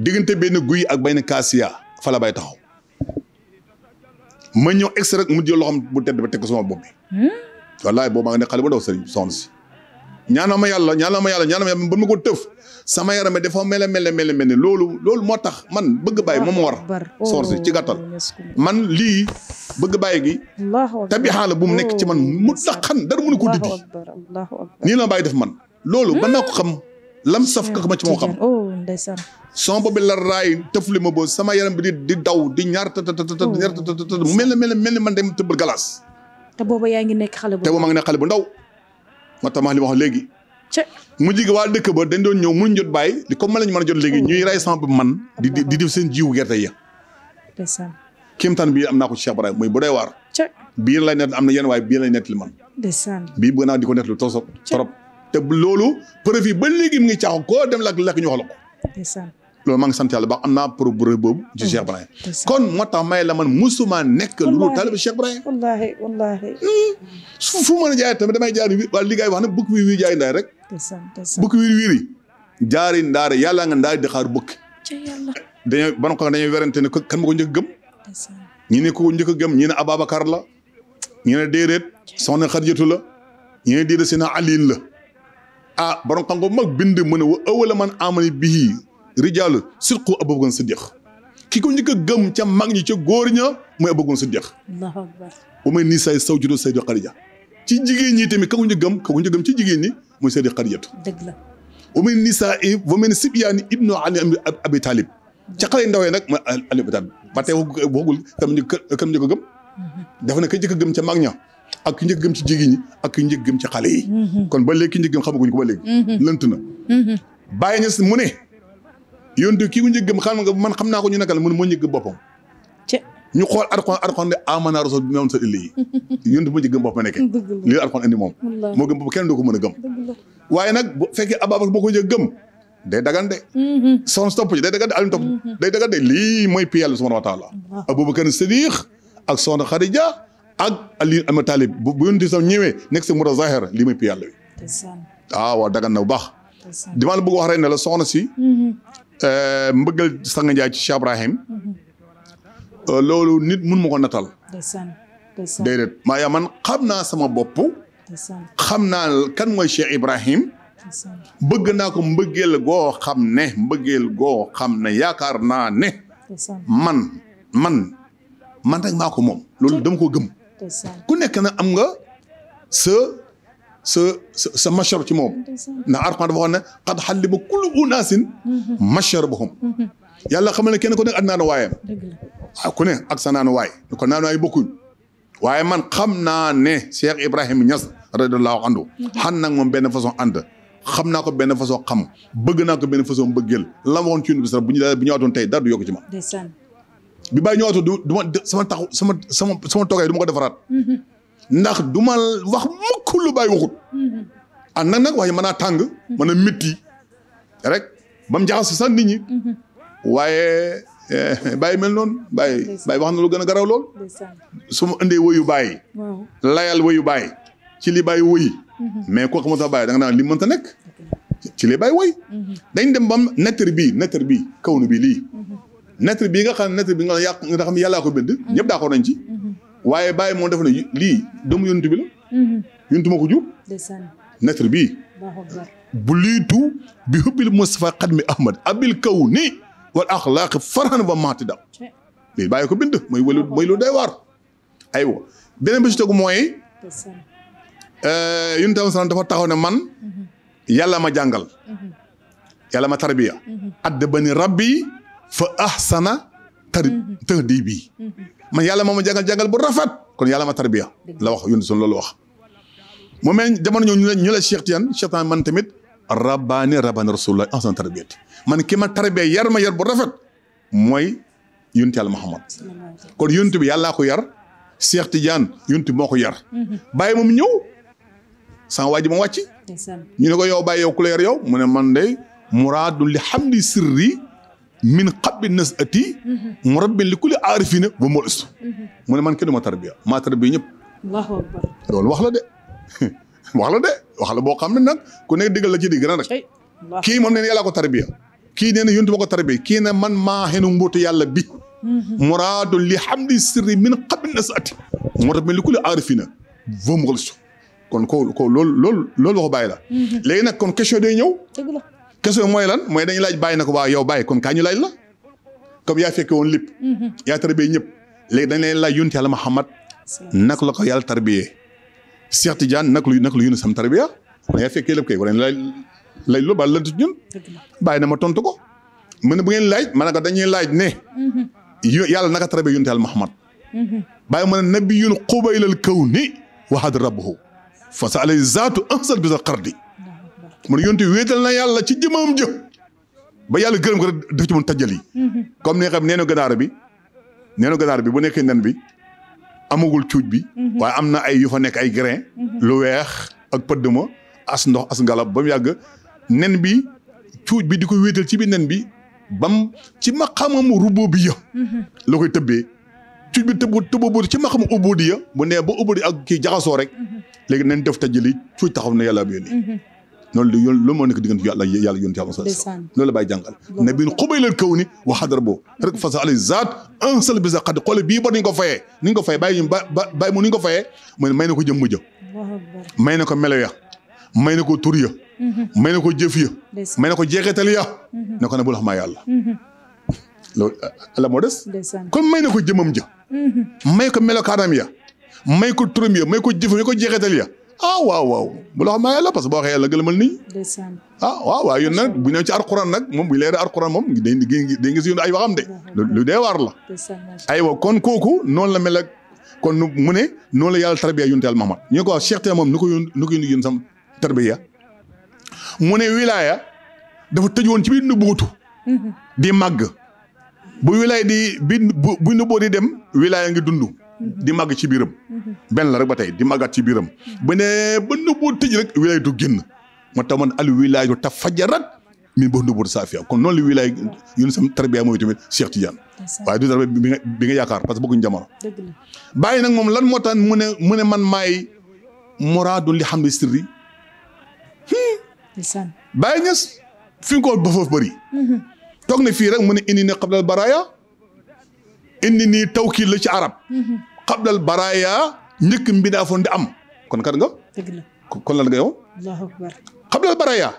S2: digënté benn guuy ak benn kasiya fa la bay taxaw ma ñëw ex rek mu jël loxam bu tedd ba tek sama bop bi hmm? wallahi bo ma nga xalé xale bu ndaw sëriñ soxna si ñaanal ma ko teuf sama yaram dafa mel mel mel mel lolu lolu moo tax man bëgg bay sorsi war sorsi oh, ci man li bëgg bay gi
S1: Tapi la bu mu nekk ci
S2: man mu oh, dar mu ko dindi ni la bay def man lolu ba hmm? na ko xam lam iya, saf ko oh, ma ci mo xam oh ndaysan son bobu la ray teufli ma bo sama yaram bi di daw di ñar ta ta ta ta oh. ñaar ta ta ta mu mel mel mel man dem teubal galas
S1: te bobu ngi nek xale bu te bobu ma ngi
S2: nek xale bu ndaw ma li wax legi mu jigi wa dekk ba dañ doon ñew mu ñut bay li comme lañ mëna jot legi oh. ñuy ray samp man di di def seen jiwu gerte ya ndaysan tan bi amna ko cheikh ibrahim muy bu doy war biir la net amna yeen way bi la net li man ndaysan bi bu na diko net lu tosop torop te loolu preuve ba léegi mu ngi caaxaan koo dem lakk lakk ñu wax la ko. loolu maa ngi sant yàlla ba am naa pour preuve boobu. ci Cheikh Ibrahim kon moo tax may la man musuma nekk. lu dul talib Cheikh Ibrahim. wallaahi wallaahi. Hmm. fu ma mën a jaayee tamit damay jaay waa li wax ne bukki wii wii jaay ndaay rek. bukki wii wii jaari ndaare yàlla nga ndaari di xaar bukki. dañoo ban ko dañuy werante ne kan ma ko njëkk gëm. ñi ne ko njëkk gëm ñi ne Ababacar la. ñi ne déedéet soxna Xadijatu la. ñi ne déedéet la. a ah, borom xam nga mag bind mu ne wa ëwala man amani bii rijaalu sirqu ababakan siddiq ki ko njëkk a gëm ca mag ñi ca góor ña mooy ababakan siddiq bu may nii say saw judo saydi xadija ci jigéen ñi tamit ka ko gëm ka ko gëm ci jigéen ñi mooy saydi xadijatu dëgg la wa min nisaai wa min sibyaani ibnu abi talib ca xale ndaw yi nag mooy ali abi talib ba tey waxagul kam ñu ko gëm mhm. dafa ne ka njëkk gëm ca mag ña ak ki njëggam ci jigéen ñi ak ki njëggam ci xale yi mhm. kon ba léegi ki njëggam xamaguñ ko ba léegi mhm. lënt na mhm. bàyyi ñes mu ne yonte kii ku njëggam xam nga man xam naa ko ñu nakal mun moo njëgg boppam ñu xool arxoon arxoon ne amana rasul bi sa illi yi yonte moo njëggam nekk lii arxoon indi moom moo gëm bopp kenn du ko mën a gëm waaye nag boo fekkee Ababacar moo ko njëkk gëm day dagan de son topp ci day dagan de alin mooy pi yàlla subhanahu wa taala Abubakar Sadiq ak soxna Xadija ak Ali ama taalib bu bu yónni ñëwee nekk si mura zahira lii muy pi yàlla wi ah waaw dagan bu baax dama la bëgg wax rek ne la soxna si mhm. eh, mbëggal sanga njaay ci Cheikh Ibrahim
S3: mhm.
S2: eh, nit mun ma ko natal déedéet man xam naa sama bopp xam naa kan mooy bëgg naa ko mbëggeel goo xam ne mbëggeel goo xam ne yaakaar naa ne man man man rek maa ko moom loolu dama ko gëm ku nekk na am nga sa sa sa sa mashar ci moom ndax Alxuraan dafa waxoon ne qad xallima kullu unaasin masharabahum yàlla xamal ne kenn ku nekk ak naanu waayam
S3: waaw
S2: ah, ku ne ak sa naanu waay kon naanu waay bokkuñ waaye man xam naa ne Cheikh Ibrahim Niass radiyallahu anhu xan nag moom benn façon ànd xam naa ko benn façon xam bëgg naa ko benn façon bëggeel la ma waxoon ci yun bi bu ñu daal bu ñëwaatoon tey dara yokk ci bi bàyyi ñëwaatu du du sama taxu sama sama sama toogaay du ma ko defaraat. Mm-hmm. ndax du ma wax mukk lu bàyyi waxut. ah nag nag wax yi tàng. Mm-hmm. mën a métti rek ba mu jaxas sax nit ñi. waaye eh, bàyyi mel noon bàyyi bàyyi wax na lu gën a garaw lool. su ma indee woyu bàyyi. layal woyu bàyyi. ci li bàyyi woyi. mais koo xamante ne bàyyi da nga naan li mënta nekk. ci li bàyyi woy dañ dem ba mu nettari bii nettari bii kaw na bii lii. netri bi nga xam netri bi nga yak nga xam yalla ko bind mhm. da ko nañ ci mhm. waye baye mo def na li doomu yonent bi la mhm. yonent ma netri bi bu li tu bi hubil mustafa qadmi ahmad abil kawni wal akhlaq farhan wa matida mais baye ko bind moy walu moy lu day ay wa beneen bi ci moy euh yonent am salaam dafa taxaw ne man yalla ma jangal yalla ma tarbiya bani rabbi fa ahsana tahdibi man yalla moo jangal jangal bu rafat kon yalla ma tarbiya la wax yunus loolu wax mu jamono ñu ñu la Cheikh tiane Cheikh man tamit rabbani rabban rasulullah ahsana tarbiyat man kima tarbiya yar ma yar bu rafat moy yunti yalla Muhammad kon Yunus bi yalla ko yar Cheikh tiane yunti moko yar baye mom ñew sans waa ji ma
S3: ñu
S2: ne ko yow baye yow ku yow mu man day muradul li hamdi sirri min xabbi nas ati mhm. mu rabbin li kulli aarifina ba mu istu mhm. mu ne man kenn du ma tarbiya maa tarbiya ñëpp allahu akbar loolu wax la de wax la de wax la boo xam ne nag ku nekk diggal la ci digg na nag kii moom nee na yàlla ko tarbiya kii nee na yontu ma ko tarbiya kii ne man maa xenu mbóotu yàlla bi
S3: mhm.
S2: muraadu li hamdi sirri min xabbi nas ati mu rabbin li kulli aarifina ba mu istu kon ko ko loolu loolu loolu waxu bàyyi la léegi nag kon question day ñëw question mooy lan mooy dañu laaj bàyyi na ko waaw yow bàyyi kon kaa ñu laaj la comme yaa fekke woon lépp. yaa tarbiyee ñëpp léegi dañ leen laaj yonent yàlla Muhammad nak la ko yàlla tarbiyee Cheikh Tidiane nak lu nak lu Yunus am tarbiya yaa fekkee lépp kay war laaj laaj lu ba la tut ñun bàyyi na ma tontu ko mu ne bu ngeen laaj ma ne ko dañuy laaj ne yàlla naka tarbiyee yonent yàlla Muhammad bàyyi ma ne nabiyun qubaylal kawni waxad rabbuhu fa sa alay zaatu ansal bisa qardi mu ne yonent wéetal na yàlla ci jëmmam jëf ba yàlla gërëm ko rek def ci mën tajjal yi comme ni xam neenu ganaar bi neenu ganaar bi bu nekkee nen bi amagul cuuj bi waaye am na ay yu nekk ay grain lu weex ak pëdd ma as ndox as ngalab ba mu yàgg nen bi cuuj bi di ko wéetal ci biir nen bi mu ci maqamam rubo bi ya la koy tëbbee cuuj bi tëbb boot ci maqam ubudi ya bu nee ba ubudi ak kii jaxasoo rek léegi nañ def tajjali cuuj taxaw na yàlla noonu la yoon loolu moo nekk diggante yàlla yàlla yonent yàlla sallallahu loolu la bàyyi jàngal ne bin xubaylal kaw ni wa xadar boobu rek fasa alay zaat un seul bisa xad xoole bii bor ni ñu ko fayee ni ñu ko fayee bàyyi bàyyi mu ni ñu ko fayee mu ne may na ko jëmm ja may na ko melo ya may na ko tur ya may na ko jëf ya may na ko jeexeetal ya ne ko ne bul xamaa yàlla loolu la moo des kon may na ko jëmmam ja may ko melokaanam ya may ko turam ya may ko jëfam ya ko jeexeetal ya ah waaw waaw bu la wax maa yàlla parce que boo waxee yàlla gëlëmal nit ah waaw waaw yéen nag bu ñëw ci alquran nag moom bu leeree alquran moom da da nga si ay waxam lu dee waar la aywa kon kooku noonu la mel ak kon mu ne noonu la yàlla tarbiya yonent yàlla Muhammad ñu ko wax Cheikh Tidiane moom nu ko yón nu ko yónni sam tarbiya mu ne wilaya dafa tëj woon ci biir nubbuutu mhm. di màgg bu wilaya di bi bu nubbuut di dem wilaya ngi dund Mm-hmm. di màgg ci biiram. Mm-hmm. benn la rek ba tey di màggaat ci biiram. ba ne ba nubbu tëj rek wilaay du génn moo tax man al wilaayatu tafajarat min ba nubbu saafiya kon noonu la wilaay yun tarbiya mooy tamit Cheikh Tidiane. waaye du dara bi nga bi nga yaakaar parce que bokkuñ jamono. dëgg bàyyi nag moom lan moo tax mu ne mu ne man maay muraadun li xam ne sirri. isaan hmm. bàyyi ñes fi nga ba foofu bëri. Mm-hmm. toog na fii rek mu ne indi ne qabla al baraaya indi nii tawkiil la ci arab. xablal baraaya njëkk mbindaa foon di kon kan nga. dëgg la kon lan nga yow. xablal baraaya.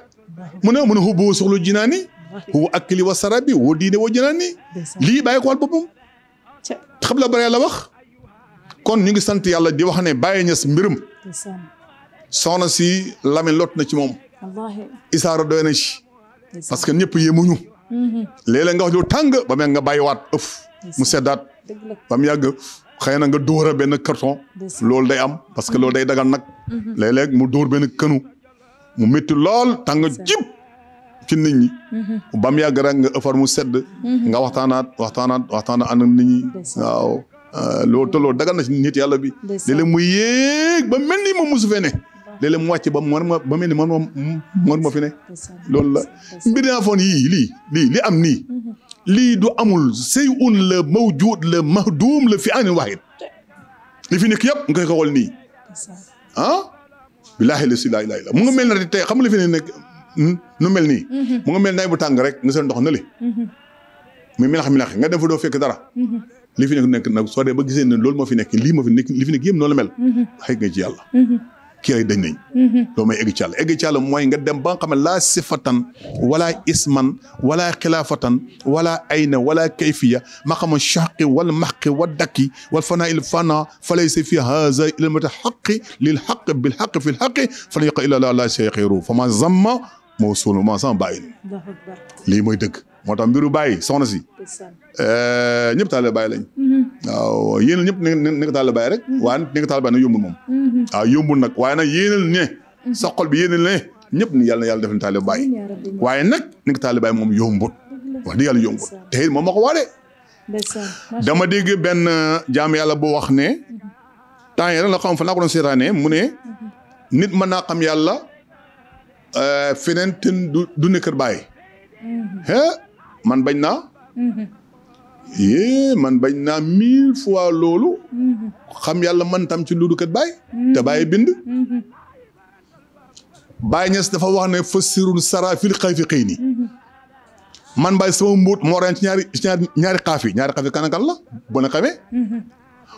S2: mu ne mu ne hubu soxlu jinaani. hubu akli wa sarabi wa diine wa jinaani. lii bàyyi ko wàll boppam. xablal baraaya la wax. kon ñu ngi sant yàlla di wax ne bàyyi ñes mbirum. soxna si Lamine lot na ci moom. isaara doy na ci. parce que ñëpp yemuñu. Mhm. léeg-léeg nga wax tàng ba mel nga bàyyiwaat ëf mu seddaat ba mu yàgg xay na nga door a benn carton. loolu day am parce que loolu day dagal nag. Mhm. léeg-léeg mu dóor benn kënu. mu métti lool tàng jib ci nit ñi. Mhm. ba mu yàgg rek nga ëffar mu sedd. Mhm. nga waxtaanaat waxtaanaat waxtaana ànd ak nit ñi. waaw euh, te loolu dagal na ci nit yàlla bi. léeg-léeg mu yéeg ba mel ni moom mosu fee ne. léeg-léeg mu wàcc ba mu ma ba mel ni fi ne. loolu la mbir foon yii lii li am nii. li du amul sayun la mawjud la mahdum la fi an wahid li fi nek yeb ngay koy xool nii ah billaahi la ilaha laa ilaaha illa mu nga mel na tey xam nga fi nek nu mel ni mu nga mel nay bu tàng rek nga seen ndox na li muy melax melax nga def do fek dara li fi nek nak so de ba gisee ne lol mo fi nek li mo fi nek li fi nek yeb noonu la mel xëy nga ci yàlla kiray dañ nañ loolu mooy egg ci yàlla egg ci yàlla mooy nga dem ba nga xam ne laa sifatan wala isman wala xilaafatan wala ayna wala kayfiya ma xam shaqi wal maxqi wa dakki wal fana il fana falaysa fi haza ila mata xaqi lil xaq bil xaq fi lxaqi falan yaqa illa la la shay xayru fa ma zamma mawsul ma sama bàyyi lii mooy dëgg moo tax mbiru bàyyi soxna si. Eh, ñëpp taalibe bàyyi lañ. Mm-hmm. waaw yéen ñëpp ne ne ko taalibe bàyyi rek. Mm-hmm. waaye ne ko taalibe bàyyi yombul moom. waaw mm-hmm. ah, yombul nag waaye nag yéenal ne. sa xol bi yéenal ne ñëpp ni yàlla na yàlla def na taalibe bàyyi. waaye nag ne ko taalibe bàyyi moom yombul. wax dëgg yàlla yombul te it moom ma ko waale. dama dégg benn uh, jaam yàlla boo wax ne. temps yii rek la xam fa naa ko seetaanee mu ne. nit mën naa xam yàlla. Uh, feneen ten du du ne kër man bañ naa. yee eh, man bañ naa mille fois loolu. xam yàlla man tam ci luudu kat baay. te baay bind. Baay Ñas dafa wax ne fasirun sara fil xayfi xëy ni man baay sama mbóot moo reen ci ñaari ci ñaari ñaari xaaf yi ñaari xaaf yi kan kan la bu na xamee.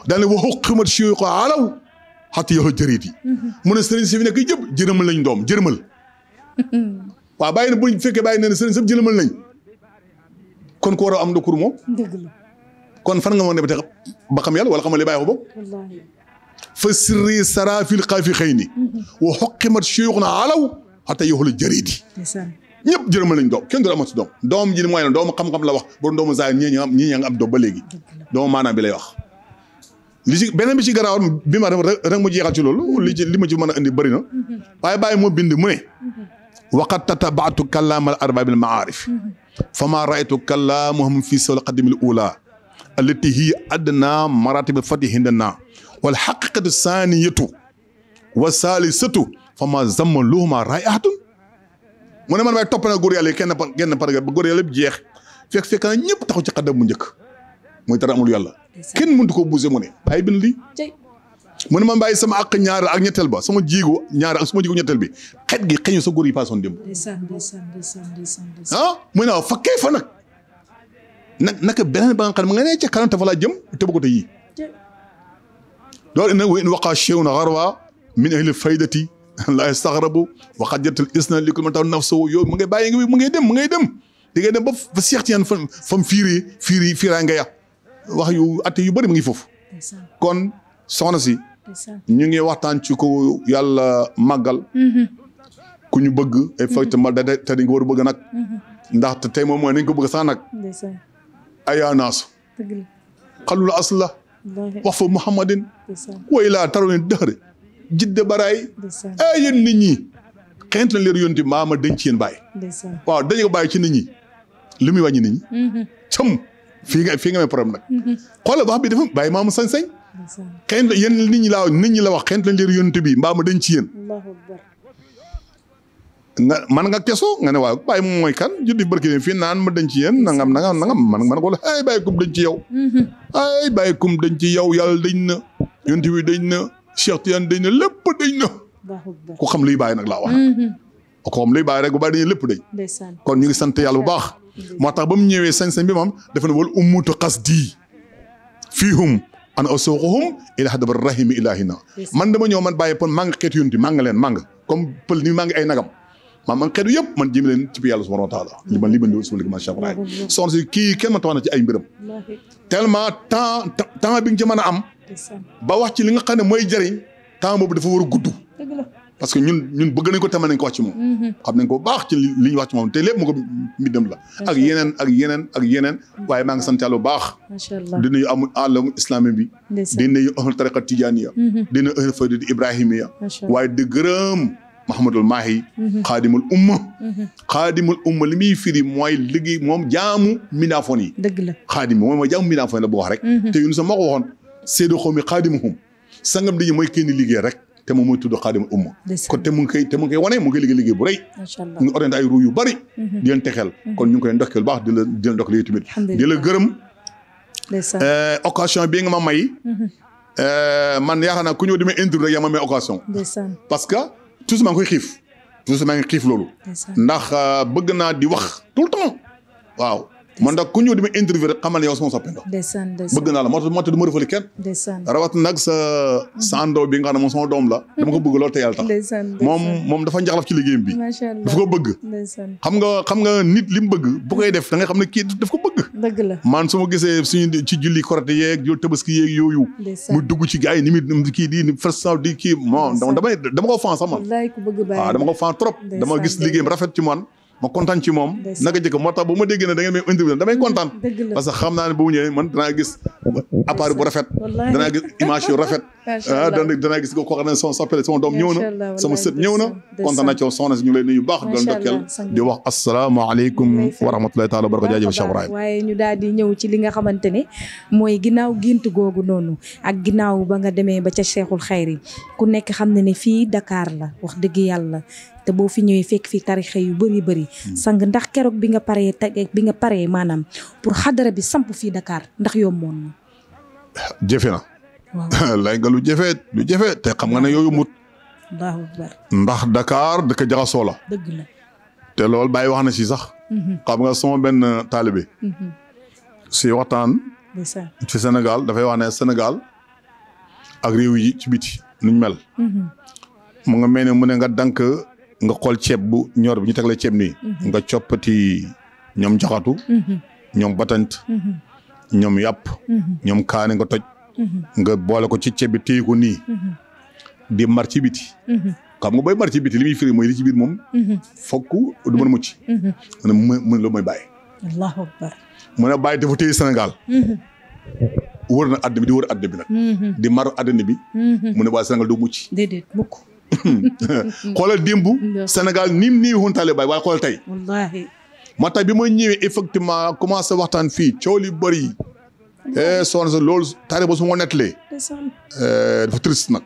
S2: daanaka waxu ximat ko alaw xati yoo jëriit yi. mu ne sëriñ si fi nekk yëpp jërëmal lañ doom jërëmal. waaw bàyyi na bu fekkee bàyyi na ne sëriñ sëpp jërëmal كون كورو ام دو كورمو كون فان نغمو نيبتي باخام يال ولا خمو لي بايو بو فسري سرافيل قافي خيني وحقمت شيوخنا علو حتى يهل جريدي نيب جيرم لا ندو كين دو امات دوم دوم جي موي دوم خم خم لا واخ بو دوم زاي ني ني ام ني ني ام دو با ليغي دوم مانا بي لاي واخ li ci benen bi ci garaw bi ma rek mu jexal ci lolu li ci li ci meuna andi bari na mhm. waye baye mo bind mu ne waqat tatabatu kallam al arbab al ma'arif mhm. فما رايتك اللهم في سول قدم الاولى التي هي ادنى مراتب فتحنا والحقيقه الثانيه والثالثه فما زم لهما رايات من من باي توبنا غور يالي كين ген بار غور يالي جيخ فيك فيك نييب تاخو سي قدم نديك موي ترامول يالا كين مونتو كو بوزي موني باي بن لي جي mu ne ma bàyyi sama ak ñaar ak ñetteel ba sama jiigu ñaar ak sama jiigu ñetteel bi xet gi xëy na sa góor yi paasoon démb. ah mu ne waaw fa kay fa nag. nag naka beneen ba nga xam nga ne ca kanam dafa laa jëm te bëgg ko te yii. loolu inna wa in waqa shay'un gharwa min ahli faydati la yastaghrabu wa qad jatal isna li kulli man taw yow mu ngay bàyyi mu ngay dem mu ngay dem di ngay dem ba fa Seex Tijaan fan fam fiiri fiiri fiiraa nga ya wax yu atte yu bëri mu ngi foofu kon soxna si ñu ngi waxtaan ci ko yàlla màggal. Mm-hmm. ku ñu bëgg. Mm-hmm. effectivement da te dañ ko war bëgg nag. Mm-hmm. tey moom mooy nañ ko bëgg sax nag. ayaa naasu. xalul asla.
S3: wax fa muhammadin.
S2: way laa taroon dëxëre. jidde baraay. ay yéen nit ñi. xeent na leer yonti maama dañ ci yéen bàyyi. waaw dañ ko ci ni ñi. li muy wàññi nit ñi. cam fii nga fii nga may problème nag. xoolal wax bi dafa bàyyi maamu sañ-sañ. xëy na yéen nit ñi laa nit ñi la wax xëy na lañ leen yónent bi mbaa ma dañ ci yéen. nga man nga keso nga ne waaw bàyyi moom mooy kan juddi barki leen fii naan ma dañ ci yéen nangam nangam nangam man man ko la ay bàyyi kum dañ ci yow. Mhm. ay bàyyi kum dañ ci yow yàlla dañ na yónent bi dañ na Cheikh Tidiane dañ na lépp dañ na. ku xam luy bàyyi nag laa wax. Mhm. ko xam luy bàyyi rek bu bàyyi dañuy lépp dañ. kon ñu ngi sant yàlla bu baax. moo tax ba mu ñëwee sañ-sañ bi moom dafa ne wal ummatu xas dii fiihum ana asuuquhum ila hadabal rahimi ilahina man dama ñëw man bàyyi pon maa ngi xeetu yunti maa leen mang ngi comme pël ni maa ngi ay nagam maa man xeetu yëpp man jëmi leen ci bi yàlla subhanahu wa taala li man li man li suma macha allah soxna si kii kenn man tawax ci ay mbiram tellement temps temps bi nga ci man a am ba wax ci li nga xam ne mooy jëriñ temps boobu dafa war a gudd parce que ñun ñun bëgg nañ ko te nañ ko wax ci mom xam nañ ko baax ci li ñu wax ci mom te lépp moko midem la. ak yenen ak yenen ak yenen waye ma ngi sant yàlla baax. macha allah dinañu amul àllamu islami bi. dinañu ahlu tariqa tijaniya. dina ahlu fayda ibrahimiya. waaye di gërëm Mahamadul Mahi. xaadimul umma. xaadimul umma li muy firi mooy liggéey moom jaamu minaafoon yi. dëgg la xaadim moom mooy jaamu minaafoon la boo wax rek. te yun sa ma ko waxoon. Seydou Xawmi xaadimuhum te mo mooy tudd xaadim umma kon te mo ngi koy te mo ngi wone mo ngi ligé ligé bu rëy mu ngi orienté ay ruu yu bari di leen téxel kon ñu ngi koy ndokkel bax di la di la ndokkeel yow di la gërëm occasion bi nga ma may man yaakaar ku ñëw demee interview rek yaa ma may occasion parce que toujours maa koy xiif toujours maa ngi xiif loolu ndax bëgg naa di wax tout le temps waaw man nag ku ñëw di ma interview rek xamal ne yow sama soppe nga
S3: bëgg
S2: nag sa sa xam ne moom sama doom la dama ko bëgg loolu te yàlla tax moom moom dafa njaxlaf ci liggéeyam bi dafa ko bëgg xam nga xam nga nit li mu bëgg bu koy def da nga xam ne kii daf ko bëgg dëgg la man su gisee ci julli korate yeeg yow tabaski yeeg yooyu mu dugg ci gaa yi ni mu kii di ni façon di kii mo dama dama ko fan sax man
S1: waaw ah, dama ko
S2: fan trop dama gis liggéeyam rafet ci man ma kontaan ci moom naka jëkk moo tax ba ma dégg ne da ngeen may interview damay kontaan parce que xam naa ne bu mu ñëwee man danaa gis appareil bu rafet danaa gis image yu rafet ah gis ko koo ne sama soppale doom ñëw na sama sët ñëw na kontaan naa ci soxna si ñu lay baax di
S1: ba nga demee ba ca Cheikhul Xayri ku nekk xam ne ne fii Dakar la wax dëgg yàlla te bo fi ñewé fekk fi tarixa yu bëri bëri hmm. sang ndax kérok bi nga paree bi nga paree manam pour hadra bi samp fi Dakar ndax yomon. na
S2: jëfe na lay nga lu jëfé lu jëfé te xam nga né yoyu mut ndax Dakar dëkk jaxasoo la dëgg la té lool bay wax na ci sax mhm. xam nga sama Senegal, talibé ci mhm. waxtan ci Sénégal fay wax né Sénégal ak réew yi ci biti nuñ mel mhm. mu nga mu ne nga dank nga xol cieb bu ñor bi ñu tegle cieb ni mhm. nga ciopati ñom joxatu mhm. ñom batant mhm. ñom yap ñom kaane nga toj nga boole ko ci cieb bi ko ni di mar ci biti xam nga bay mar ci biti limi firi moy li ci bir mom fokku du mëna mucc mëna mëna lo moy baye
S3: allahu akbar
S2: mëna baye defu téy senegal wër na bi di wër addu bi nak di mar adna bi mëna ba senegal du mucc dedet mukk xoolal démb. Sénégal nim nii huntaale bay waaye xoolal tey. wallaahi. tax bi ma ñëwee effectivement commencé waxtaan fii coow li bëri. eh soxna sa loolu taarix ba su ma nettalee. Eh, dafa triste nag.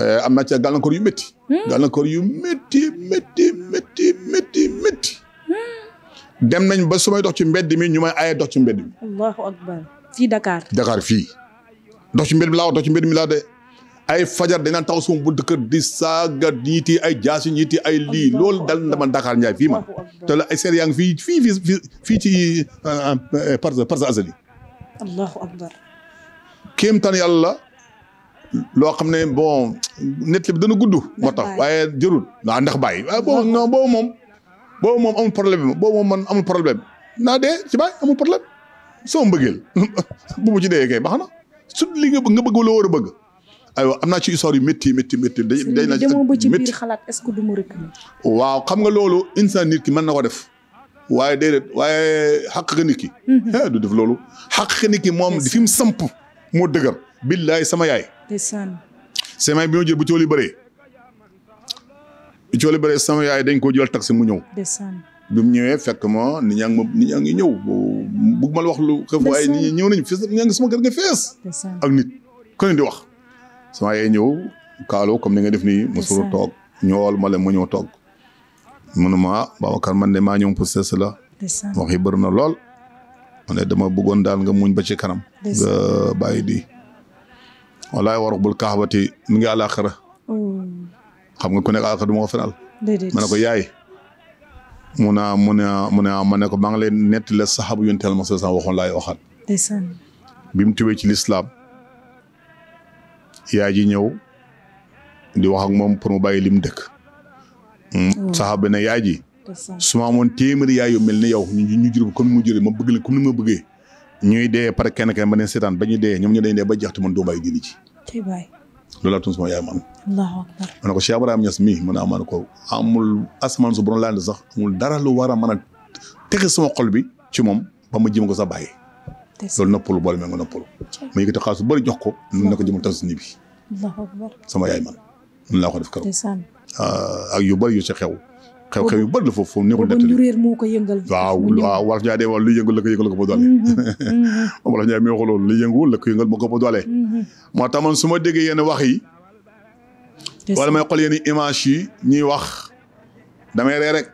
S2: Eh, am na ci gàllankoor yu métti. Hmm? gàllankoor yu
S3: métti
S2: métti métti métti métti. Hmm? dem nañ ba sumay dox ci mbedd mi ñu may aye dox ci mbedd mi. fii Dakar. Dakar fii. dox ci mbedd mi laa wax dox ci mbedd mi laa de. ay fajar dañ naan taxaw suma buntu kër di saaga ñiit yi ay jaasi ñiit yi ay lii loolu dal na ma Dakar Ndiaye fii man te la ay seer fii fii ci euh, Parcelles Assainies
S1: allahu akbar
S2: tan yàlla loo xam ne bon net bi dana gudd moo tax waaye jërul waaw ndax bàyyi waaye ah, boobu non moom boobu moom amul problème boobu moom man amul problème naa dee ci bàyyi amul problème sama mbëggeel bu mu ci dee kay baax na su li nga bëgg nga wala war bëgg aywa am naa ci histoire yu métti métti métti. day na demoo ba ci biir xalaat est waaw xam nga loolu instant nit ki mën na ko def waaye déedéet waaye xàq nit ki. Mhm. Eh, du def loolu xàq nit ki moom fi mu samp moo dëgër. billaay sama yaay. ndeysaan. semaine bi ñoo bu coow li bëree. bu coow li sama yaay dañ koo jël taxi mu ñëw. ndeysaan. bi ñëwee fekk ma ni ñaa ngi ma nit ngi ñëw bëgg ma la wax lu. ndeysaan waaye ñëw nañ fii nit ñaa ngi sama kër nga fees. ak nit ku di wax. sama yaay ñëw kaalo comme ni nga def nii mosuru toog ñool ma leen ma ñëw toog munuma ah, Babacar man de maa ñëw pour sees la wax yi bëri na lool man de dama bëggoon daal nga muñ ba ci kanam nga bàyyi di wallaay war bul kaaxabati mi ngi àllaaxira oh. xam nga ku nekk àllaaxira du ma ko yaay mu naa mu ne mu ne ma ne ko maa ngi lay nettali saxaabu yonent Yàlla ma sa waxoon laay waxaat bi mu tiwee ci lislaam yaay ji ñëw di wax ak moom pour mu bàyyi lim dëkk. Hmm, saxaaba ne yaay ji. su ma amoon téeméeri yaay yu mel ni yow ñu ñu jur comme ni mu juree ma bëgg leen comme ni ma bëggee. ñuy dee par kenn kenn ba ne seetaan ba ñu dee ñoom ñu dañ dee ba jeex te doo bàyyi diini ci.
S1: loolu
S2: laa tun sama yaay ma am. allahu akbar ma ne ko Cheikh Ibrahima Niass mii man amaan ko amul asamaan su borom laal sax amul dara lu war a mën a texe sama xol bi ci moom ba ma jëm ko sa bàyyi. loolu noppalu boole mee nga noppalu mu yëkkati xaalis bu bëri jox ko nun na ko jëmal tas ni bi sama yaay man nun laa ko def keroog ah, ak yu bëri yu ci xew xew-xew yu bëri la foofu foofu nekkul
S1: nettali waaw waaw
S2: wala ñaa dee wala luy yëngal la ko yëngal ko ba doole moom la ñaa mi waxul loolu luy yënguwul la ko yëngal ma ko ba doole mhm. moo tax man su ma déggee yenn wax yi wala may xool yenn image yi ñuy wax damay ree rek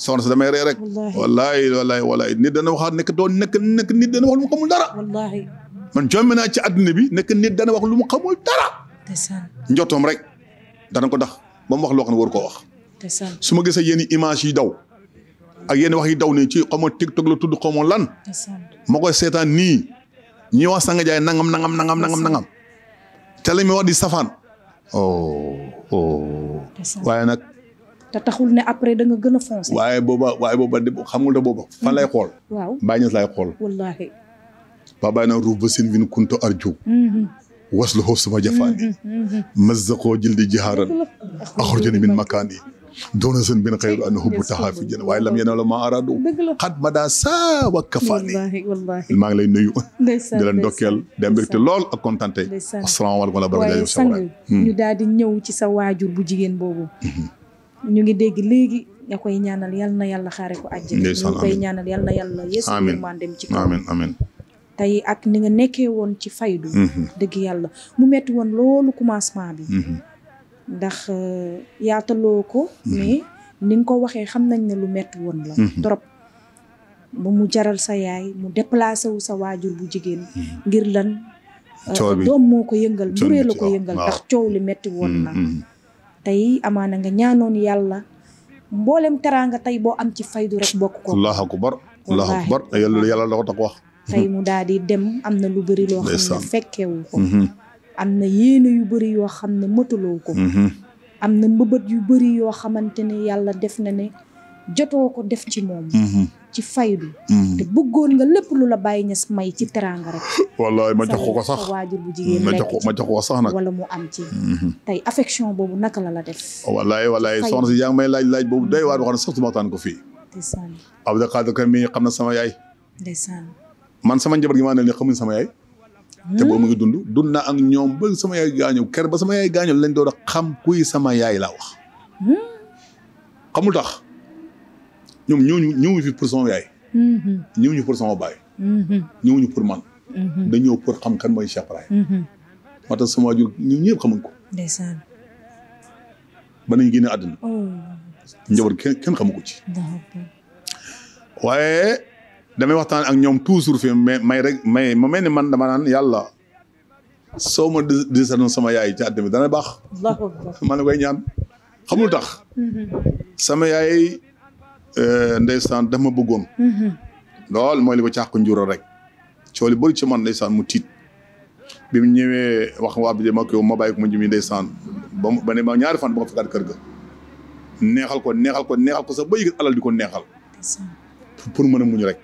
S2: soxna sa damay ree rek wallahi wallahi wallahi nit dana waxaat nek do nek nek nit dana wax lu mu xamul dara wallahi man jomina ci aduna bi nek nit dana wax lu mu xamul dara njottom rek dana ko dox ba mu wax lo xamne ne ko wax
S3: su
S2: suma gese yenn image yi daw ak yenn wax yi daw ni ci xaw tiktok la tuddu xaw lan ma mako setan ni ñi wax sanga jaay nangam nangam nangam nangam nangam te mi wax di safaan oh oh waye nak
S1: te taxul ne après da gën a foncé.
S2: waaye booba waaye booba xamul ne booba. fan lay xool. waaw Baay Ñas lay xool. wallaahi. baabaa naa ruuf ba sin win kuntu arju. Mm-hmm. waslu xoo suma jafaani.
S1: Mm-hmm, mm-hmm.
S2: mazzaqoo jildi jihaaran. axurjani min makaani. doona seen bin xayru jën waaye lam yéen la maa araadu. dëgg la xat ma daa saa kafaani. wallaahi maa ngi lay nuyu. ndeysaan di leen dokkeel dem mbégte lool a kontaan tey. asalaamaaleykum wa rahmatulah. waaye sang ñu
S1: daal di ñëw ci sa waajur bu jigéen boobu. ñu ngi dégg léegi nga koy ñaanal yal na yàlla xaare ko àjjana ñu ngi koy ñaanal yal na yàlla yeesu man dem ci kaw amiin tey ak ni nga nekkee woon ci faydu mm-hmm. dégg yàlla mu metti woon loolu commencement bi mm-hmm. ndax euh, yaataloo ko mm-hmm. mais ni nga ko waxee xam nañ ne lu metti woon la trop bu mu jaral sa yaay mu déplacé wu sa waajur bu jigéen ngir lan euh, doom moo ko yëngal muree la ko yëngal ndax coow li metti woon na tey amaana nga ñaanoon yàlla mboolem teraanga tey boo am ci faydu rek bokk ko.
S2: allahu akbar allahu akbar
S1: tey mu daal di dem am na lu bari loo xam ne fekkewu ko. Mm-hmm. am na yéene yu bari yoo xam ne mëtaloo ko. Mm-hmm. am na mbëbët yu bari yoo xamante ne yàlla def na ne jotoo ko def ci moom. Mm-hmm. ci faydu mm. te goon nga lépp lu la bàyyi ñas may ci teraanga rek
S2: wallaay ma jox ko sax waajur bu jigéen ma jox ma jox ko sax nag wala mu am ci mm-hmm.
S1: tey affection boobu naka la la def
S2: wallaay wallaay soxna si yaa may laaj laaj boobu day waar boo xam ne sax ko fii ndeysaan Abdou Khadre Ka xam na sama yaay ndeysaan man sama njaboot gi ma ne ne xamuñ sama yaay hmm? te boobu mu ngi dund dund na ak ñoom ba sama yaay gaañu ker ba sama yaay gaañu lañ doon a xam kuy sama yaay laa wax hmm? xamul tax ñoom ñooñu ñëwuñu fi pour sama yaay. Mm-hmm. ñëwuñu pour sama baay. Mm-hmm. ñëwuñu pour man. Mm-hmm. dañ ñëw pour xam kan mooy Cheikh Ibrahim. moo tax sama waajur ñun ñëpp xamuñ ko. ndeysaan. ba nañ génne àdduna. Oh. njaboot kenn kenn xamu ko ci. waaye damay waxtaan ak ñoom toujours fi mais may rek may ma mel ni man dama naan yàlla. soo ma desanoon sama yaay ci àdduna bi dana baax. maa ngi koy ñaan xamul tax. sama yaay Euh, ndeysaan daf ma bëggoon. Mhm. lool mooy li ko caax ko njuróo rek. coow li bëri ci man ndeysaan mu tiit bi mu ñëwee wax waa bi de ma ko ma bàyyi ko mu jëm ndeysaan ba mu ma ñaari fan ba ko fekkaat kër ga. neexal ko neexal ko neexal ko sax ba yëg alal di ko neexal. pour mën a muñ rek.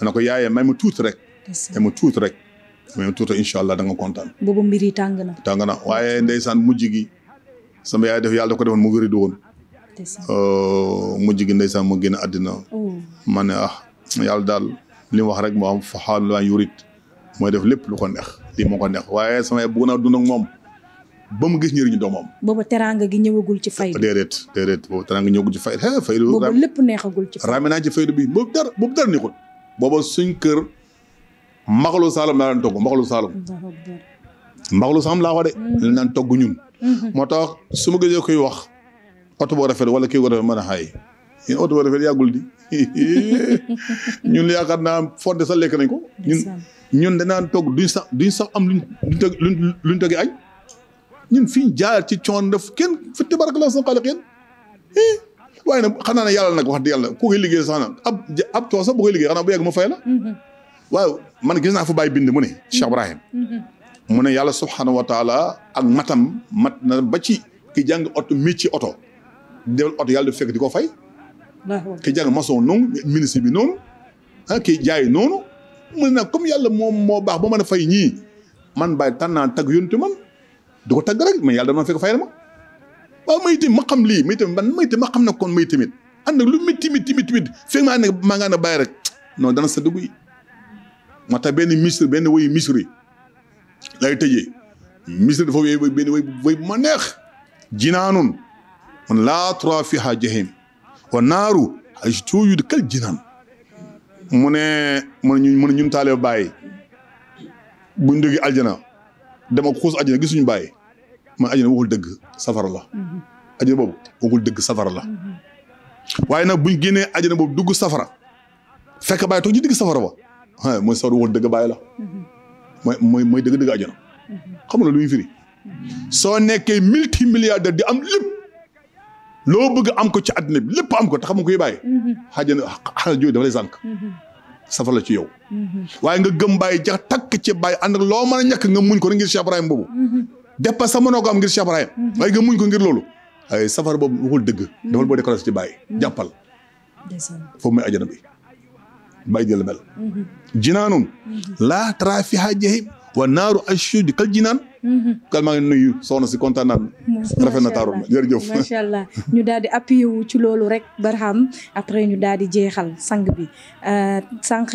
S2: ma ne ko yaayee may ma tuuti rek. may ma tuuti rek. may ma tuuti incha allah da nga kontaan.
S1: boobu mbir yi tàng na.
S2: tàng na waaye ndeysaan mujj gi sama yaay def yàlla ko defoon mu wéri woon. Euh, mujj gi ndeysaan mu génn àddina oh. ma ne ah yàlla daal li mu wax rek moo am fa xaal laa yurit mooy def lépp lu ko neex li ma ko neex waaye sama bëgg naa dund ak moom ba mu gis njëriñu doomam.
S1: booba teraanga gi ñëwagul ci faydu.
S2: déedéet déedéet booba teraanga ñëwagul ci faydu hee faydu. booba lépp
S1: neexagul ci faydu. raame
S2: naa ci faydu bi boobu dara boobu dara neexul. booba suñ kër mbaxalu saalum laa daan togg mbaxalu saalum. mbaxalu saalum laa de. lañ mm. daan togg ñun. Mm-hmm. moo tax su koy wax oto boo rafet wala kii boo rafet a xaay yéen oto boo rafet yàggul di ñun yaakaar naa fonde sax lekk nañ ko. ñun ñun danaan toog duñ sax duñ sax am luñ luñ luñ toggee añ. ñun fi jaar ci coon def kenn fi tabaarkalla sa xaaliqiin waaye nag xanaa ne yàlla nag wax dëgg yàlla ko koy liggéey sax nag ab ab tool sax bu koy liggéey xanaa bu yàgg mu mm-hmm. gis naa fu bàyyi bind mu ne. Cheikh Ibrahim. Mm-hmm. mu ne yàlla subhanahu wa taala ak matam mat na ba ci ki jàng oto mi ci oto. dewal ot yàlla du fekk di ko fay ki jàng maçon noonu ministre bi noonu ah kii jaay noonu mu ne nag comme yàlla moom moo baax ba mën a fay ñii man bàyyi tan naa tag yónni man du ko tagg rek ma yàlla dama fekk fay na ma waaw may tamit ma xam lii may tamit man ma xam ne kon may tamit ànd ak lu métti métti métti métti fekk maa ne rek non dana sa dugg yi tax benn ministre benn woyu ministre yi lay tëjee ministre dafa woy benn woy woy bu ma neex jinaanun on laatoro fiha jahim o naaru hay coyude kal jinan mune mune ñun taale bàyyi buñ dëggi aljana dama xuus aljana gisuñu bàyyi man aljana waxul dëgg safara la aljana boobu waxul dëgg safara la waaye nag buñ génnee aljana boobu dugg safara fekk bàyyi toog ci digg safara ba a mooy safara waxul dëgg bàyyi la mooy mooy mooy dëgg dëgg aljana xam nga lu ñu firi soo nekkee multi milliardaire di am lépp loo bëgg am ko ci àddina bi lépp am ko te xam nga koy bàyyi. Mhm. xaajana xanaa jooju dafa lay sànq. Mhm. safar la ci yow. Mhm. waaye nga gëm bàyyi jax takk ci bàyyi ànd ak loo mën a nga muñ ko ngir Cheikh Ibrahim boobu. dépassé mënoo ko am ngir Cheikh waaye nga muñ ko ngir loolu. ay safar boobu waxul dëgg. dafal boo décoration ci bàyyi. jàppal. foofu mooy ajana bi bàyyi jël mel. jinaanun. laa tara fiihaa jahiim wa naaru ashuud kal jinaan Mm-hmm. kal nuyu soxna si kontaan naa rafet na taaru na jërëjëf macha
S1: allah ñu daal di appuyé wu ci loolu rek Barham après ñu daal di jeexal sang bi euh, sànq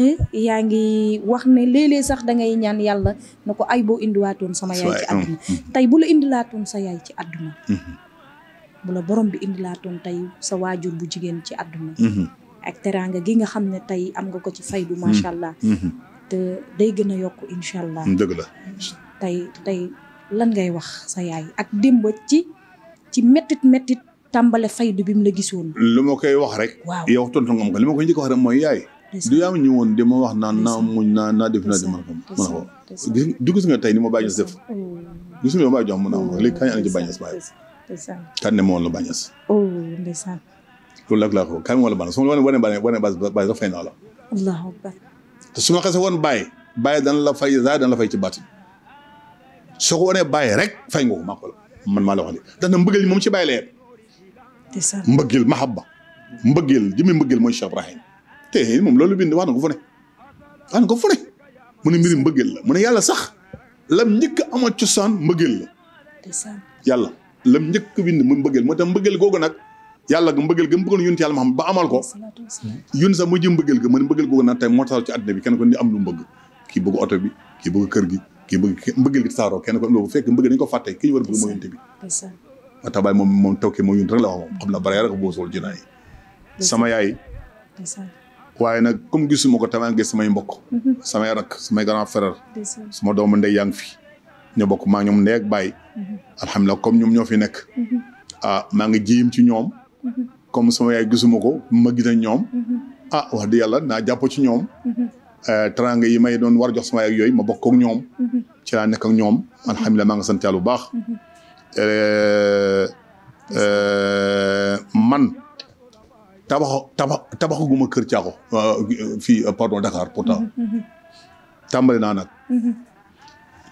S1: yaa ngi wax ne léeg-léeg sax dangay ñaan yàlla na ko ay boo indiwaatoon sama yaay ci mm-hmm. àdduna tey bu la indilaatoon sa yaay ci àdduna mm-hmm. bu la borom bi indilaatoon tey sa waajur bu jigéen ci àdduna ak teraanga gi nga xam ne tey am nga ko ci faydu macha allah te day gën a yokk incha allah dëgg la tey tey lan ngay wax sa yaay ak démb ci ci méttit méttit tàmbale faydu bi mu la gisoon.
S2: lu ma koy wax rek. waaw yow tontu nga am li ma koy njëkk a wax mooy yaay. du yaa ma ñëwoon wax na naa muñ naa naa def naa di ko du gis nga tey ni ma bàyyi def oh. gis ma a ko léegi kañ ana ci bàyyi bàyyi kan ne ma woon la bàyyi ndeysaan oh, loolu su ma la wane bàyyi wane fay naa la te a ma xasee woon bàyyi bàyyi la fay ci baatin soo ko wanee bàyyi rek fay nga ko maa man maa la wax ni ndax na mbëggeel moom ci bàyyi la yem. mbëggeel mahabba mbëggeel jëmmi mbëggeel mooy Cheikh Ibrahim te moom loolu bind wax na ko fu ne wax na ko fu ne mu mbëggeel la mu ne yàlla sax lam njëkk ama cosaan mbëggeel la. yàlla lam njëkk bind mu mbëggeel moo tax mbëggeel googu nag yàlla ga mbëggeel ga mu bëggoon yónni yàlla ma ba amal ko yón sax mu jëm mbëggeel ga mu ne mbëggeel googu nag tey moo taxal ci àddina bi kenn ko ni am lu mbëgg kii bëgg oto bi kii bëgg kër gi kii bëgg mbëggeel gi tasaaroo kenn ko bu fekk ko fàtte ki ñu war a bëgg moo baay moom moom tawke moo yonent rek la wax moom xam la bare rek boo sol jinaa yi sama yaay waaye nag comme gisuma ko tamit gis samay mbokk mhm. samay rak samay grand frère suma doom ndey yaa fi ñoo bokk maa ñoom ndey ak baay mhm. alhamdulilah comme ñoom ñoo fi nekk mhm. a ah, maa ngi jiim ci ñoom comme sama gisuma ko ma gis ak ñoom ah wax dëgg yàlla naa jàpp ci ñoom Euh, teranga yi may doon war jox sama ak yooyu ma bokk ak ñoom. Mhm. ci laa nekk ak ñoom. alhamdulilah maa ngi sant yàlla bu mhm. euh, euh, man tabax tabax tabaxaguma kër Caaxo. fii pardon Dakar pourtant. Mhm, tàmbali naa nag.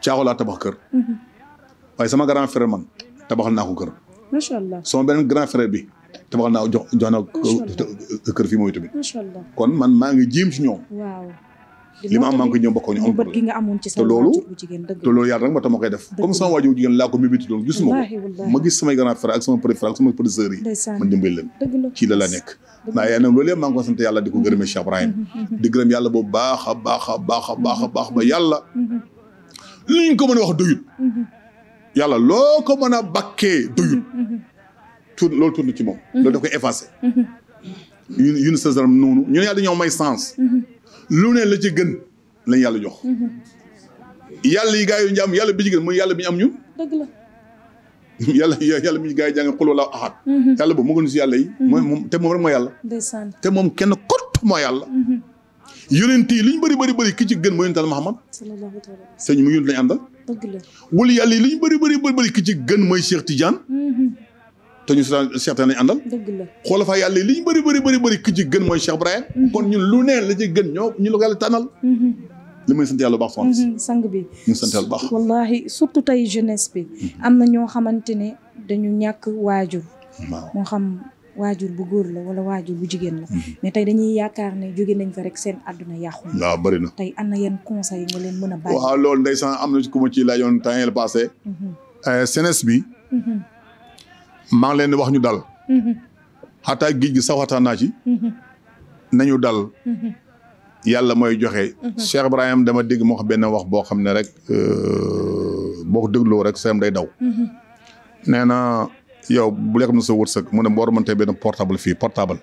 S2: Caaxo laa tabax kër. waaye sama grand frère man tabaxal naa ko kër. macha allah beneen grand frère bi. tabaxal naa jox jox naa kër fii mooy tamit. macha kon man maa ngi jéem si ñoom.
S3: li ma am maa ngi koy ñëw bokkoo ñu am bët loolu te rek
S2: ma tama koy def comme sama waajur jigéen laa ko mébéti doon gisuma ko ma gis samay grand frère ak sama petit frère ak sama petite sœur ma dimbali ci la la nekk naa yaa nam loolu yëpp maa ngi ko di ko gërëmee Cheikh mhm, mhm. di gërëm yàlla boobu baax a baax a baax ba yàlla mhm. li ñu ko mën a wax doyut yàlla loo ko mën a bakkee doyut tuur loolu tuur ci moom loolu daf koy effacé yun nu sasaram noonu ñun yàlla dañoo may lu ne la ci gën lañ yàlla jox. Mhm. yàlla yi gaa yu ñu am yàlla bi ci gën mooy yàlla bi ñu am ñun. dëgg la. yàlla yàlla mi gaa yi jàng xul wala ahad mhm. yàlla boobu yi. Mhm. mooy moom te moom rek mooy yàlla. te moom kenn kott mooy yàlla. yonent yi li ñu bëri bëri bëri ki ci gën mooy yonental Muhammad. sëñ mu yonent lañ àndal. dëgg la wala yàlla yi li ñu bëri gën mooy Cheikh Tidiane. te ñu seetaan seetaan lañu àndal. dëgg la xoola faa yàlla li bari bëri bëri bëri bëri ki ci gën mooy Cheikh Ibrahima. Mm-hmm. kon ñun lu ne la ci gën ñoo ñu la ko yàlla tànnal. Mm-hmm. li muy sant yàlla bu baax soxna mm-hmm. sang bi ñu sant yàlla bu baax.
S1: wallaahi tey jeunesse bi. am na ñoo xamante ne dañu ñàkk waajur. waaw moo xam waajur bu góor la wala waajur bu jigéen la. mais tey dañuy yaakaar ne jóge nañ fa rek seen àdduna yàqu. waaw bëri na tey am na yenn conseil nga leen mën a bàyyi.
S2: loolu ndeysaan am na ku ma ciy temps yële euh, bi. maa ngi leen di wax ñu dal. xataa géej gi sax waxtaan naa nañu dal. yàlla mooy joxe. Cheikh Ibrahim dama dégg moo xam benn wax boo xam ne rek euh, boo ko dégloo rek seem day daw. nee na yow bu lekk na sa wërsëg mu ne boo remontee benn portable fii portable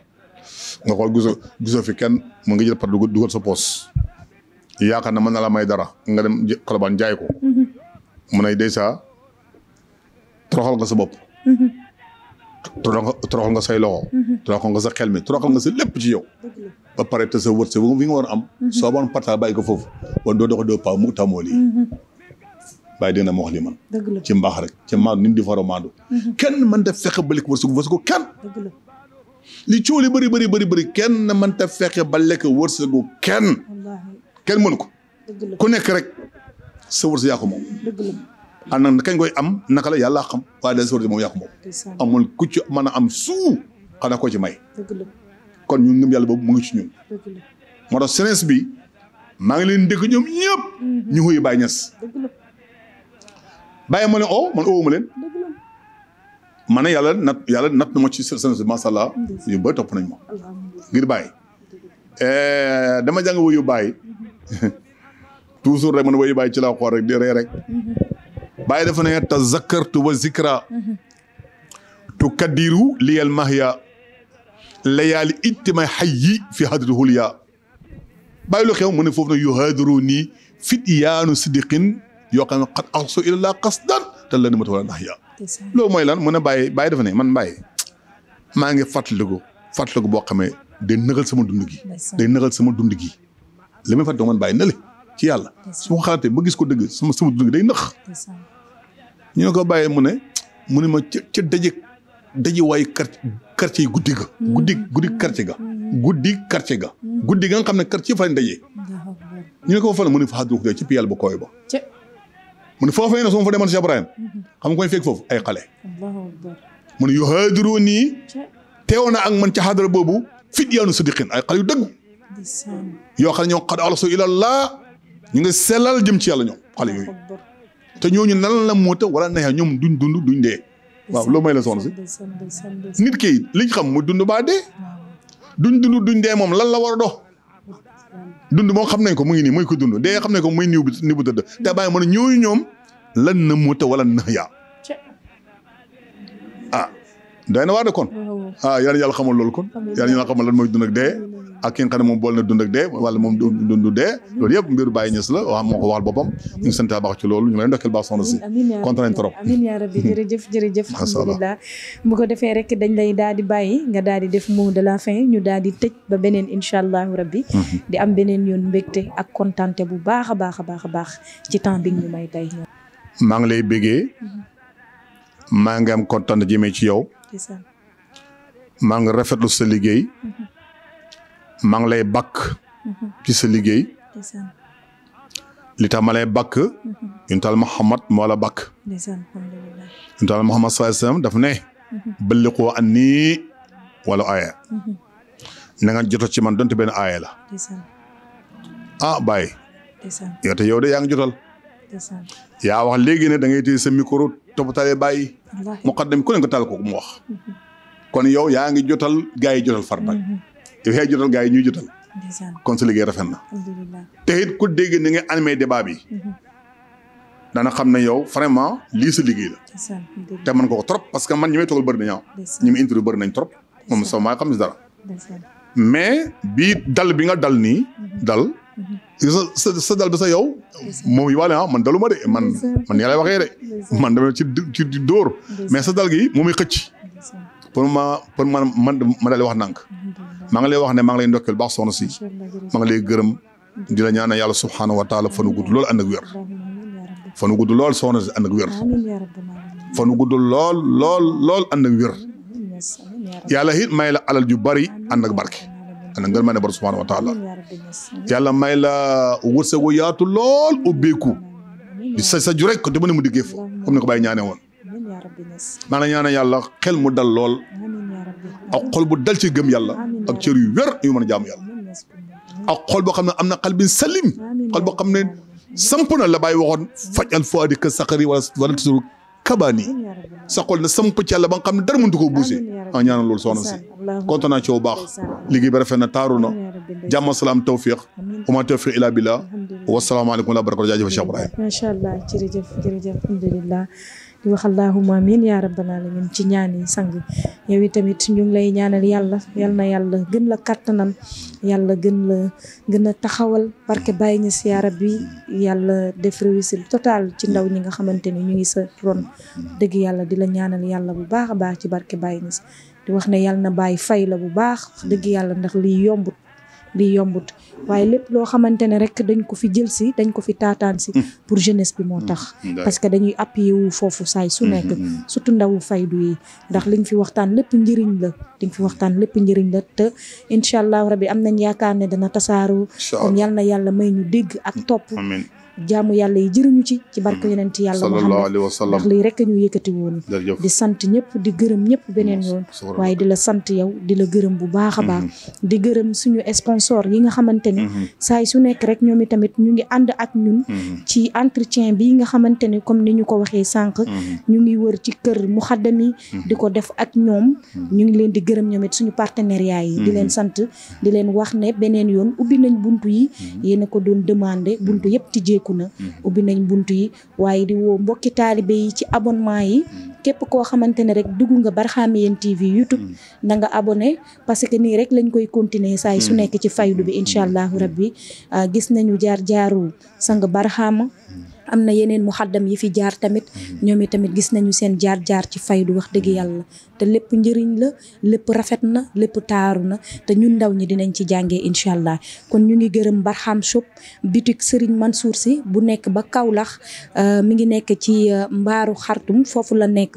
S2: nga xool gisoo gisoo fi kenn mu ngi jël par dugal sa poos. yaakaar na mën na la may dara nga dem Colobane jaay ko. Mm-hmm. mu ne déjà saa toroxal nga sa bopp. Mm-hmm. toroxal nga say loxo mhm. toroxal nga sa xel mi toroxal nga sa lépp ci yow ba pare te sa wërsëg bi nga war a am mhm. soo boon partage bàyyi ko foofu wan doo dox doo pa mu tamoo lii mhm. bàyyi dina ma wax li man ci mbaax rek ci maandu nit di faro maandu kenn mën ta fexe ba lekk wërsëgu wërsëgu kenn li coow li bëri bëri bëri bëri kenn mën ta fexe ba lekk wërsëgu kenn kenn mënu ko ku nekk rek sa wërsëg yaa ko ànd kañ koy am naka la yàlla xam waaye dal sordi moom yàqu
S3: moom amul
S2: ku ci mën a am suu xanaa koo ci may kon ñun yàlla boobu mu ci ñun moo bi maa ngi leen dëkk ñoom
S3: ñëpp mhm.
S2: ñu xuyu Baye ma ne o oh, man owuma leen ma ne yàlla nat yàlla nat ma ci sénès bi macha allah ñu topp nañ ma ngir Baye eh, dama jàng wuyu Baye mhm. toujours rek man wayu Baye ci la xool rek rek mhm. bàyyi dafa ne tazakkartu wa zikra tukaddiru liyal mahya layaali ittimay hayyi fi hadratil hulya bàyyi lu xew mu ne foofu nag yu haadiru nii fit yaanu siddiqin yoo xam ne xat axsu ilallaa qasdan te la ni ma tawala nax ya loolu mooy lan mu ne bàyyi bàyyi dafa ne man bàyyi maa ngi fàttaliku fàttaliku boo xamee day nëgal sama dund gi day nëgal sama dund gi li may fàttaliku man bàyyi na le ci yàlla su ma xalaatee ba gis ko dëgg sama sama dund gi day nëx ñu ko bàyyee mu ne mu ne ma ci daje daje way quartier guddi ga guddi guddi quartier ga guddi quartier ga guddi nga xam ne quartier fa ndaje ñu ko fa mu ne fa hadru ko ci piyal bu koy ba mu ne foofee na su fa demoon ci Ibrahim xam nga fekk fofu ay xalé mu ne yu hadru ak man ci hadra bobu fit yaanu sadiqin ay xale yu dëgg yo xal ne ñoo xad alasu allah ñu ngi selal jëm ci yalla ñoo xale yu te ñooñu nan la moo tax wala neexee ñoom duñ dund duñ dee. waaw loo may la soxna si nit ki liñ xam mu dund baa dee. duñ dund duñ dee moom lan la war a dox. dund moom xam nañ ko mu ngi nii muy ko dund dee xam nañ ko muy niw bi ni bu tëdd te bàyyi ma ñooñu ñoom lan na moo tax wala nax yaa. ah day na waar de kon. ah yàlla yàlla xamal loolu kon. yàlla yàlla xamal lan mooy dund ak dee. ak ki nga xam ne moom bool na dund ak wala moom dund dee loolu yëpp mbiru Baye Niass la waaw moo ko waxal boppam ñu ngi sant ci loolu ñu ngi leen ndokkeel baax soxna si kontaan nañ trop
S1: amiin yaa rabbi hmm. ko defee rek dañ lay daal di bàyyi nga daal di def mot de la fin ñu daal di tëj ba beneen incha allahu rabbi hmm. di am beneen yoon mbégte ak kontaante bu baax a baax a baax a baax ci temps bi ñu may tey
S2: maa ngi lay bëggee hmm. maa ngi am kontaan ci yow maa ngi rafetlu sa liggéey Mang bak lay bakk ci sa liggéey lita malay bak lay yuntal muhammad moo la yuntal muhammad sallallahu alaihi wasallam daf ne balliqu anni wala aya na nga jotto ci man donte ben aya la ah bay ya te yow de yang jotal ya wax legui ne da ngay te sa micro topatale bay muqaddam ku ne ko tal ko mu wax kon yow yaangi jotal gaa jotal yow yaay jotal gaa yi ñuy jotal. kon sa liggéey rafet na. te it ku dégg ni nga animé débat bi. Mhm. dana xam ne yow vraiment lii sa liggéey la. te man ko ko trop parce que man ñi may toogal bëri nañu ah. ñi may interview bëri nañ trop. moom sama maa xam si dara. mais bii dal bi nga dal nii. Mhm. dal. Mhm. sa sa dal bi sa yow. moom yi ah, man daluma de man man yaa lay waxee de. man dama ci ci mais sa dal gi moom xëcc. pour ma pour man man ma dalé wax nank ma nga lay wax ne ma nga lay ndokel bax sonu si ma nga lay geureum di ñaanal yalla subhanahu wa ta'ala fanu gudd lool and ak wër ya fanu gudd lool sonu si and ak wër ya fanu gudd lool lool lool and ak wër yalla hit may la alal ju bari and ak barke ya ana ngal mané bar subhanahu wa ta'ala yalla may la wursagu yaatu lool ubbeku di sa sa ju rek ko demone mu digge fo comme ni ko bay ñaané won maanaam ñaanal yàlla xel mu dal lool ak xol bu dal ci gëm yàlla ak cër yu wér yu mën a jaamu yàlla ak xol boo xam ne am na xalbin salim xol boo xam ne samp na la bàyyi waxoon fajal fuadi ka saqari wala wala tasuru kabaani sa xol na samp ci yàlla ba nga xam ne dara mënut koo buuse a ñaanal loolu soxna si kontaan naa ci yow baax liggéey bi rafet na taaru na jàmm salaam tawfiq uma tawfiq ila billah wasalaamaaleykum wa rahmatulah jaajëf Cheikh Ibrahima.
S1: macha allah jërëjëf jërëjëf alhamdulillah di wax allahumma amiin yaa rabbal aalamiin ci ñaan yi sang yow tamit ñu lay ñaanal yàlla yal na yàlla gën la kattanal yàlla gën la gën a taxawal barke Baye Niass yaa rabbi yàlla def réussite totale ci ndaw ñi nga xamante ni ñu ngi sa ron dëgg yàlla di la ñaanal yàlla bu baax a baax ci barke bàyyi Niass di wax ne yàlla na Baye fay la bu baax dëgg yàlla ndax lii yomb li yombut waaye lépp loo xamante ne rek dañ ko fi jël si dañ ko fi taataan si mm. pour jeunesse bi moo tax mm. parce que dañuy appuyé wu foofu saay su nekk mm-hmm. surtout ndawu faydu yi ndax liñ fi waxtaan lépp njëriñ la liñ fi waxtaan lépp njëriñ la te incha allah rabbi am nañ yaakaar ne dana tasaaru kon yal na yàlla may ñu dégg ak topp jàmm yàlla yi jëriñu ci ci mm-hmm. yeneen ci yàlla Muhammad ndax lii rek ñu yëkkati woon di sant ñëpp di gërëm ñëpp beneen yoon waaye di la sant yow di la gërëm bu baax a mm-hmm. baax di gërëm suñu sponsor yi nga xamante ni mm-hmm. saay su nekk rek ñoom itamit ñu ngi ànd ak ñun ci entretien bi nga xamante ni comme ni ñu ko waxee sànq ñu ngi wër ci kër mu muxaddami di ko def ak ñoom ñu ngi leen di gërëm ñoom it suñu partenariat yi di leen sant di leen wax ne beneen yoon ubbi nañ buntu yi yéena ko doon demandé buntu yëpp tijjee ubbeeku na mhm. ubbi nañ bunt yi waaye di woo mbokki taalibe yi ci abonnement yi mhm. képp koo xamante ne rek dugg nga Barhamiennes TV YouTube mhm. nanga nga abonné parce que nii rek lañ koy continuer saay su nekk ci fay faydu bi incha allahu rabbi ah, gis nañu jaar jaaru sang Barhama am na yeneen mu muxaddam yi fi jaar tamit mhm. ñoom tamit gis nañu seen jaar-jaar ci faydu wax dëgg mhm. yàlla te lépp njëriñ la lépp rafet na lépp taaru na te ñun ndaw ñi dinañ ci jàngee incha allah kon ñu ngi gërëm Barham Shop boutique Serigne Mansour si bu nekk ba Kaolack euh, mu ngi nekk ci euh, mbaaru xartum foofu la nekk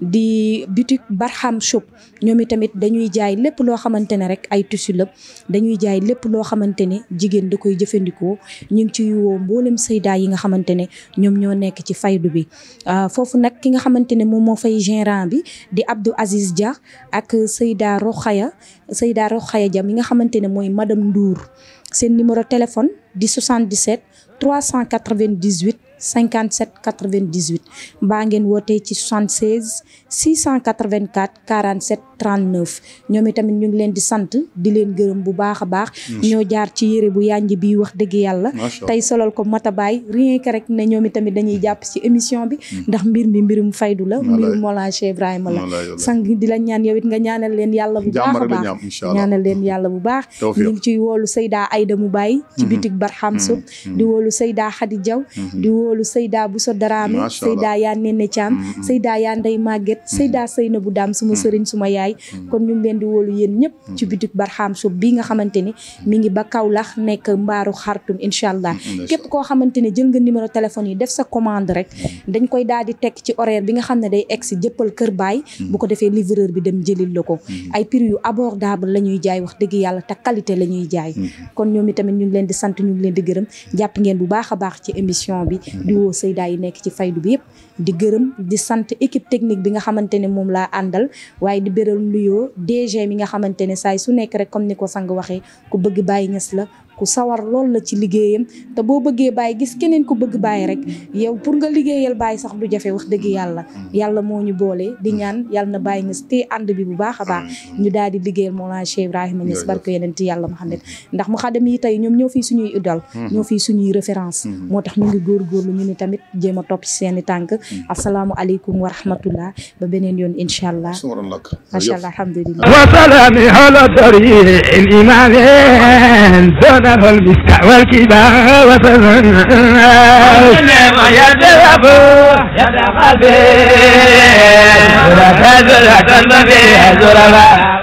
S1: di boutique Barham Shop ñoom tamit dañuy jaay lépp loo xamante ne rek ay tissu la dañuy jaay lépp loo xamante ne jigéen di koy jëfandikoo ñu ngi ne ñoom ñoo nekk ci faydu bi euh, foofu nag ki nga xamante ne moom moo fay gérant bi di Abdou Aziz Dia ak Seyda Rokhaya Seyda Rokhaya ja mi nga xamante ne mooy madame Ndour seen numéro téléphone di 77 398 57 98 mbaa ngeen wootee ci 76 684 47 39 ñoom itamit ñu ngi leen di sant di leen gërëm bu baax a baax ñoo jaar ci yére bu yànj bi wax dëgg yàlla tey solal ko matabaay rien que rek ne ñoom itamit dañuy jàpp ci émission bi hmm. ndax mbir mi mbirum faydu la mbirum Mawlana Cheikh Ibrahima la sang di la ñaan yow it nga ñaanal leen yàlla bu baax a baax ñaanal leen yàlla bu baax ñu ngi ciy woolu Seyda Ayda mu bàyyi ci hmm. bitik Barham Sow hmm. di woolu Seyda Khady Diaw teewalu Seyda Bousso Daraame Seyda yaa Nene Thiam mm-hmm. Seyda yaa Ndey Maguette mm-hmm. Seyda Seyna bu daam suma mm-hmm. sëriñ suma yaay kon ñu leen di wóolu yéen ñëpp ci bitik Barham Shop bi nga xamante ni mi ngi ba Kaolack nekk mbaaru xartum incha allah képp koo xamante ni jël nga numéro téléphone yi def sa commande rek dañ koy daal di teg ci horaire bi nga xam ne day egg si jëppal kër baay bu ko defee livreur bi dem jëlil la ko ay prix yu abordable la ñuy jaay wax dëgg yàlla te qualité la ñuy jaay kon ñoom itamit ñu leen di sant ñu ngi leen di gërëm a baax ci bi diwo woo Seyda yi nekk ci faydu bi yëpp di gërëm di sant équipe technique bi nga xamante ne moom laa àndal waaye di béral nuyoo DG mi nga xamante ne saay su nekk rek comme ni ko sang waxee ku bëgg Baye Niass la ku sawar lol la ci liggéeyam te bo bëggee bay gis keneen ku bëgg bay rek yow pour nga liggéeyal bay sax du jafé wax dëgg yalla mm-hmm. yalla mo ñu bolé di mm-hmm. ñaan yalla na bay ñës te and bi bu baaxa baax mm-hmm. ñu daal di liggéeyal Mawlana Cheikh ibrahim Niass barke yenen ti yalla Muhammad ndax mu xadam yi tay ñom ñoo fi suñuy idol ñoo fi suñuy référence motax ñu ngi lu ñu ni tamit jema top seen tank assalamu alaykum wa rahmatullah ba benen yoon inshallah
S2: allah alhamdulillah ala dari يذهب المسك
S3: والكبار وفزنا يذهب يذهب البيت ولا تزل تنبغي زرفا